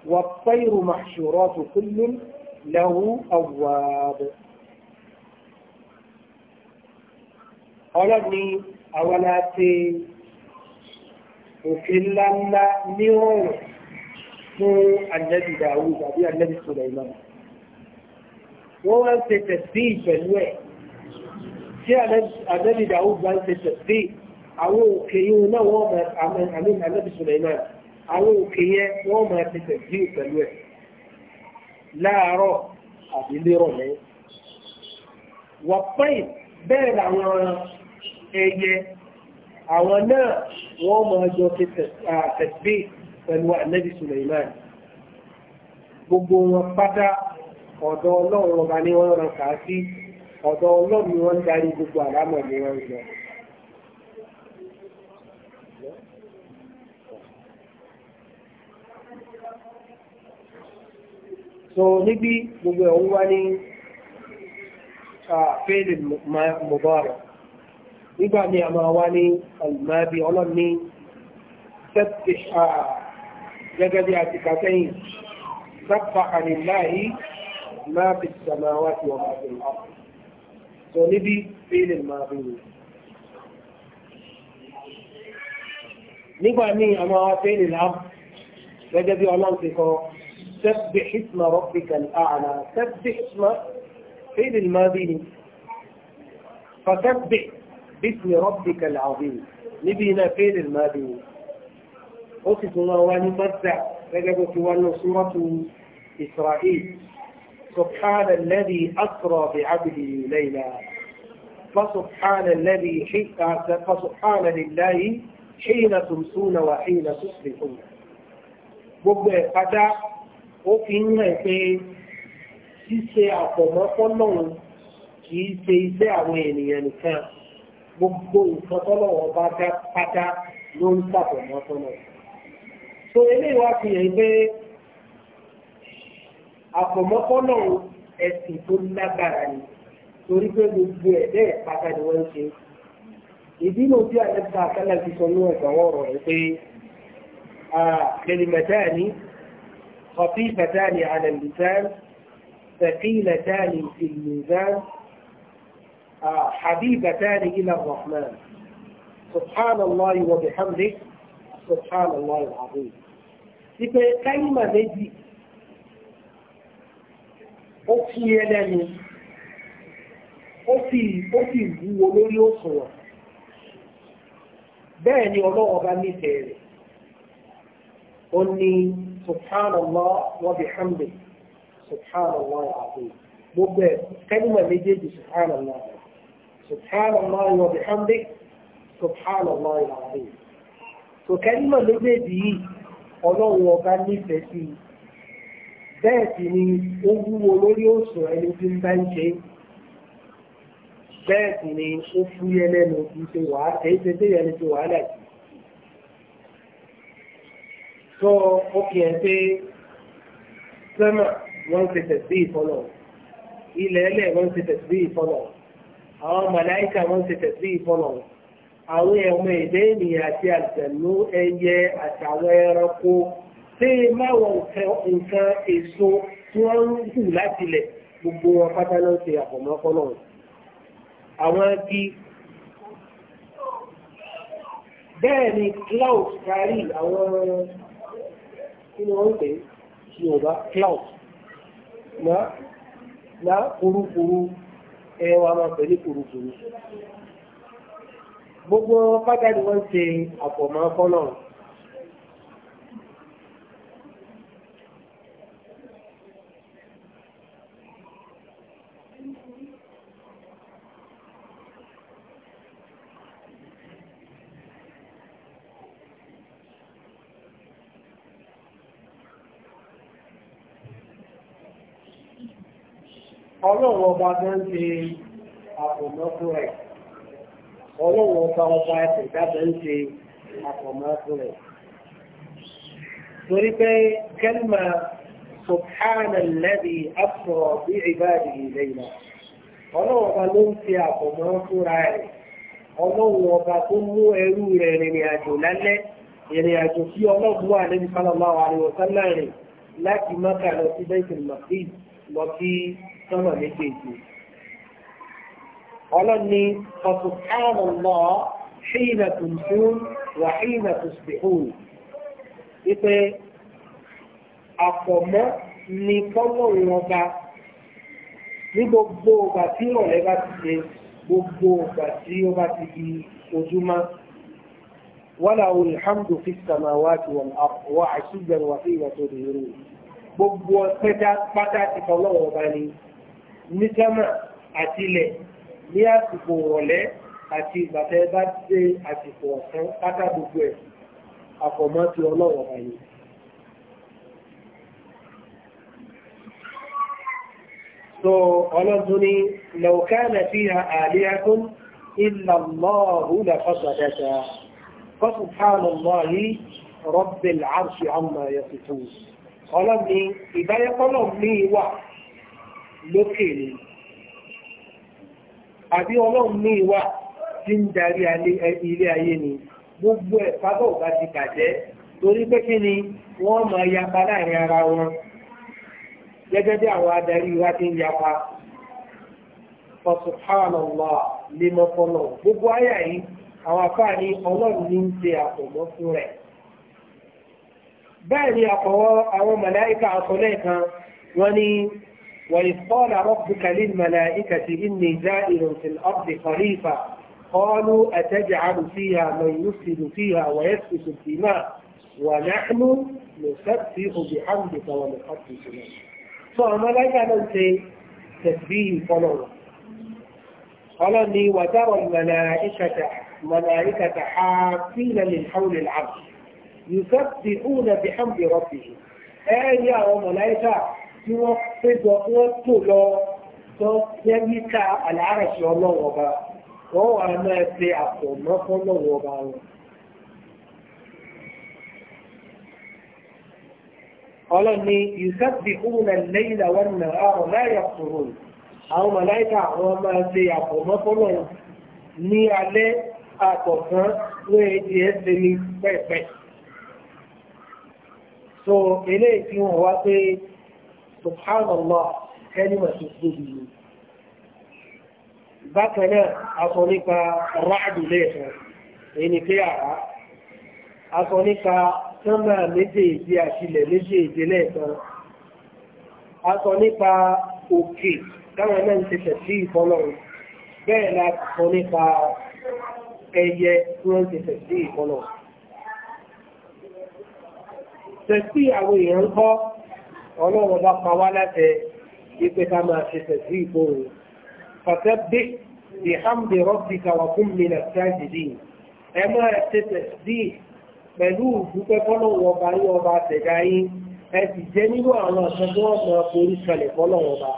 والطير محشورات كل له أواب قال قالني أولاتي وكلا لا هو النبي داوود أبي النبي سليمان وهو تتسيج الوقت tí ànábì Dawud bá ń ṣe tẹ̀sí àwọn òkè yìí náà wọ́n máa àmì ànábì Sulaiman àwọn òkè yẹn wọ́n máa ṣe tẹ̀sí pẹ̀lú ẹ̀ láàárọ̀ àbí lérò lẹ́yìn. wọ̀pẹ́ bẹ́ẹ̀ làwọn ẹyẹ àwọn náà wọ́n máa jọ ṣe tẹ̀sí pẹ̀lú ànábì Sulaiman gbogbo wọn pátá ọ̀dọ̀ ọlọ́run ọba ni wọ́n rán kàá sí ọ̀dọ̀ ọlọ́run ni wọ́n ń darí gbogbo àlámọ̀ ni wọ́n ń lọ. so níbi gbogbo ẹ̀ ń wá ní ah, fẹ́ẹ̀lì mọ̀bọ́rọ̀ nígbà ní a máa wá ní alùmọ́bí ọlọ́run ní sẹ́tì ah, gẹ́gẹ́ bí a ti kà sẹ́yìn sábà àlìláyìí máa fi sàmáwá ti wọ́n máa sọ níbi fíìlì máa fi wò. nígbà míì a máa wá fíìlì láàbù gẹ́gẹ́ bí ọlọ́run ti kọ́ sẹ́bì ìsmà rọ́bìkà àlà sẹ́bì ìsmà fíìlì máa bí ni فسبح باسم ربك العظيم نبينا فين الماضي قصة الله وأن مرزع رجبت وأن سورة إسرائيل سبحان الذي أسرى بعبده ليلا فسبحان الذي حي... فسبحان لله حين تمسون وحين تصبحون gbogbo ẹ̀ pátá ó fi ń rẹ̀ pé ṣíṣe àpọ̀mọ́fọ́lọ́run kì í ṣe iṣẹ́ àwọn ènìyàn nìkan gbogbo nǹkan tọ́lọ́wọ́ bá dá pátá ló ń ṣàpọ̀mọ́fọ́lọ́run. so eléyìí wá fi hàn pé àfọ̀mọ́kọ́nà ẹ̀sìn tó lágbára ni torí pé gbogbo ẹ̀dẹ́ ìpàkà ni wọ́n ń ṣe. ìdí ló bí àyẹ̀fà àkàlà ti sọ ní ọ̀gá wọn rọ̀ pé kẹlìmẹ̀tàní khafifatani ala al-lisan thaqilatani fi al-mizan habibatani ila ar-rahman subhanallahi wa bihamdihi subhanallahi al-azim. ìpè kálímà méjì ó kí ẹ lẹ́nu ó sì wúwo lórí òṣùwọ̀n bẹ́ẹ̀ ni ọlọ́wọ́ bá nífẹ̀ẹ́ rẹ̀ ó ní subhanallah wa bihamdi subhanallah al-azim gbogbo ẹ̀ kẹ́gbìmọ̀ méjèèjì subhanallah subhanallah wa bihamdi subhanallah al-azim so kẹ́gbìmọ̀ méjèèjì ọlọ́wọ́ bá nífẹ̀ẹ́ sí bẹ́ẹ̀ sì ni ó wúwo lórí òsùn ẹni tí ń bá ń ṣe bẹ́ẹ̀ sì ni ó fúyẹ́ lẹ́nu ìṣe wàhálà èyí ṣe tẹ́yẹ ní ti wàhálà yìí. sọ ó fi hàn pé sẹ́mà wọ́n ń fẹsẹ̀ sí ìfọ́nà ilẹ̀ ẹlẹ̀ wọ́n ń fẹsẹ̀ sí ìfọ́nà àwọn màláìkà wọ́n ń fẹsẹ̀ sí ìfọ́nà àwọn ẹ̀mọ èdè ènìyàn àti àjẹ̀lú ẹyẹ àtàwọn ẹranko tí máwọn nǹkan èso tí wọ́n ń kù láti lẹ̀ gbogbo wọn pátá náà ṣe àfọ̀mọ́kọ́ náà àwọn igi bẹ́ẹ̀ ni cloud parí àwọn kí ni wọ́n ń pè sí ọba cloud náà náà ẹwà máa pẹ̀lú kúrúkúrú gbogbo pátá ni wọ́n ṣe àfọ̀mọ́kọ́ náà. ọlọ́run ọba tó ń ṣe àpòmọ́ fún rẹ̀ ọlọ́run ọba ọba ẹ̀sẹ̀dá tó ń ṣe àpòmọ́ fún rẹ̀ torí pé kẹ́lìmà subhánà lẹ́bi afọ̀ bí ìbáàdì ìlẹ́yìn ọlọ́run ọba ló ń ṣe àpòmọ́ fúnra rẹ̀ ọlọ́run ọba tó mú ẹrú rẹ̀ rìnrìn àjò lálẹ́ ìrìn àjò sí ọlọ́run wà lẹ́bi sálọ́lá wa rẹ̀ láti mọ́kà lọ sí bẹ́ẹ̀kì sọ́mọ̀ méjèèjì. ọlọ́ni fọ̀tùkánù lọ ṣíìnà tuntun wà ṣíìnà tùsùbìhùn wípé àpọ̀mọ́ ni fọ́lọ́run ọba ní gbogbo ọgbà tí ìrọ̀lẹ́ bá ti ṣe gbogbo ọgbà tí ó bá ti di ojúmọ́. ولو الحمد في السماوات والأرض وعشيا وحين تظهرون gbogbo pẹta pátá ti tọlọ́wọ́ bá ní ní sámà àti ilẹ̀ ní àsìkò ìrọ̀lẹ́ àti ìgbà tẹ́ bá dé àsìkò ọ̀sán pátá gbogbo ẹ̀ àfọ̀mọ́ ti ọlọ́wọ̀ báyìí. so ọlọ́dún ní lọ́kànà fi ha àríyákún ìlàlọ́ọ̀hù la fasadata fọ́sùnfàànàlọ́hì rọ́bìl àrṣì àmà yasifun ọlọ́dún ìbáyẹ̀kọ́lọ̀ ní wà lókè ni àbí ọlọ́run ní ìwà tí ń darí ilé ayé ni gbogbo ẹ̀ pápọ̀ bá ti bàjẹ́ torí pé kí ni wọ́n máa yapa láàrin ara wọn gẹ́gẹ́ bí àwọn adarí wa ti ń yapa subhanallah gbogbo yìí àwọn afáà ọlọ́run ní ń ṣe àpòmọ́ fún rẹ̀ bẹ́ẹ̀ ni وإذ قال ربك للملائكة إني زائل في الأرض خليفة قالوا أتجعل فيها من يفسد فيها ويسفك الدماء ونحن نسبح بحمدك ونقدس لك فالملائكة من تسبيح فلوه قال لي وترى الملائكة ملائكة حافين من حول العرش يسبحون بحمد ربهم آية ملائكة tí wọ́n péjọ tí wọ́n tò lọ tó jẹ́ níka àlàárẹ̀ṣẹ̀ ọlọ́wọ́ ọba wọ́n wà máa ṣe àpọ̀mọ́ fọ́lọ́wọ́ ọba wọn. ọlọ́ni ìsẹ́bì kúrúnà lẹ́yìn àwọn nàárọ̀ láyà kúrò àwọn mọ̀láìkà àwọn máa ṣe àpọ̀mọ́ fọ́lọ́wọ́ ní alẹ́ àkọ̀kan lóye di ẹsẹ̀ ní pẹ́pẹ́. so eléyìí fi hàn wá pé subhanallah ẹni mà tó tóbi ni bákan náà a sọ nípa ráàdù lẹ́ẹ̀kan èyí ni pé àrá a sọ nípa sánmà méjèèjì àti ilẹ̀ méjèèjì lẹ́ẹ̀kan a sọ nípa òkè táwọn náà ń ti tẹ̀ sí ìfọlọ́run bẹ́ẹ̀ la sọ nípa ẹyẹ tí wọ́n ti tẹ̀ sí ìfọlọ́run tẹ̀ sí àwọn èèyàn ń kọ́ ọlọ́run bá pa wá láti ipe ká máa ṣe tẹ̀sí ìfòrò fàtẹ́bí bí hàmdì rọ́bìkà wà fún mi nà sáàjìdì ẹ máa ṣe tẹ̀sí pẹ̀lú ìdúpẹ́ fọ́lọ́run ọba yín ọba àtẹ̀dá yín ẹ sì jẹ́ nínú àwọn ọ̀sán tí wọ́n máa forí kalẹ̀ fọ́lọ́run ọba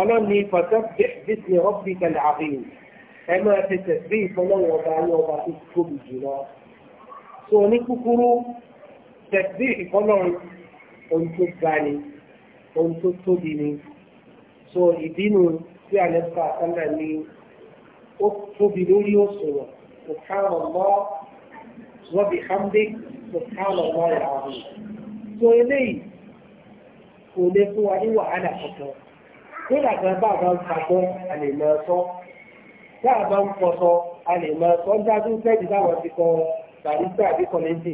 ọlọ́ni fàtẹ́bí bí ti rọ́bìkà làbìn ẹ máa ṣe tẹ̀sí ìfọ́lọ́run ọba yín ọba tó tóbi jùlọ. so ohun tó ga ni ohun tó tóbi ni so ìbínú tí àlẹ́fà àtàlà ni ó tóbi lórí òṣùwọ̀n subhanallah wa bihamdihi subhanallah al-azim so eléyìí kò lè fún wa ní wàhálà kankan nígbà kan bá a bá ń fagbọ́ a lè máa sọ bá a bá ń fọṣọ a lè máa sọ ń dájú fẹ́ẹ̀dì táwọn ti kọ barista àbí kọ́lẹ́ńtì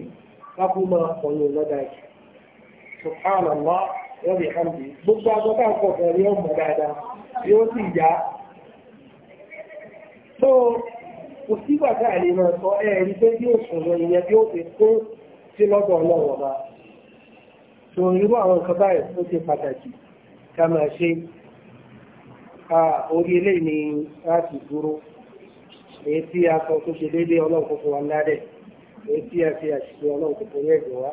kápú máa kọ̀yìn lọ́dà yìí subhanallah wọ́n lè hàn mí gbogbo agbọ́ta àkọ́kọ́ rí ọmọ dáadáa yóò sì yá so kò sígbà tá à lè máa sọ ẹ̀rí pé bí òṣùwọ̀n ìyẹn bí ó ti kún sí lọ́dọ̀ ọlọ́wọ́ bá so irú àwọn nǹkan báyìí ó ti pàtàkì ká máa ṣe orí ilé ni láti dúró èyí tí a sọ tó ṣe déédéé ọlọ́run kò fún wa ládẹ̀ èyí tí a fi àṣìṣe ọlọ́run kò fún ẹ̀gbọ́n wa.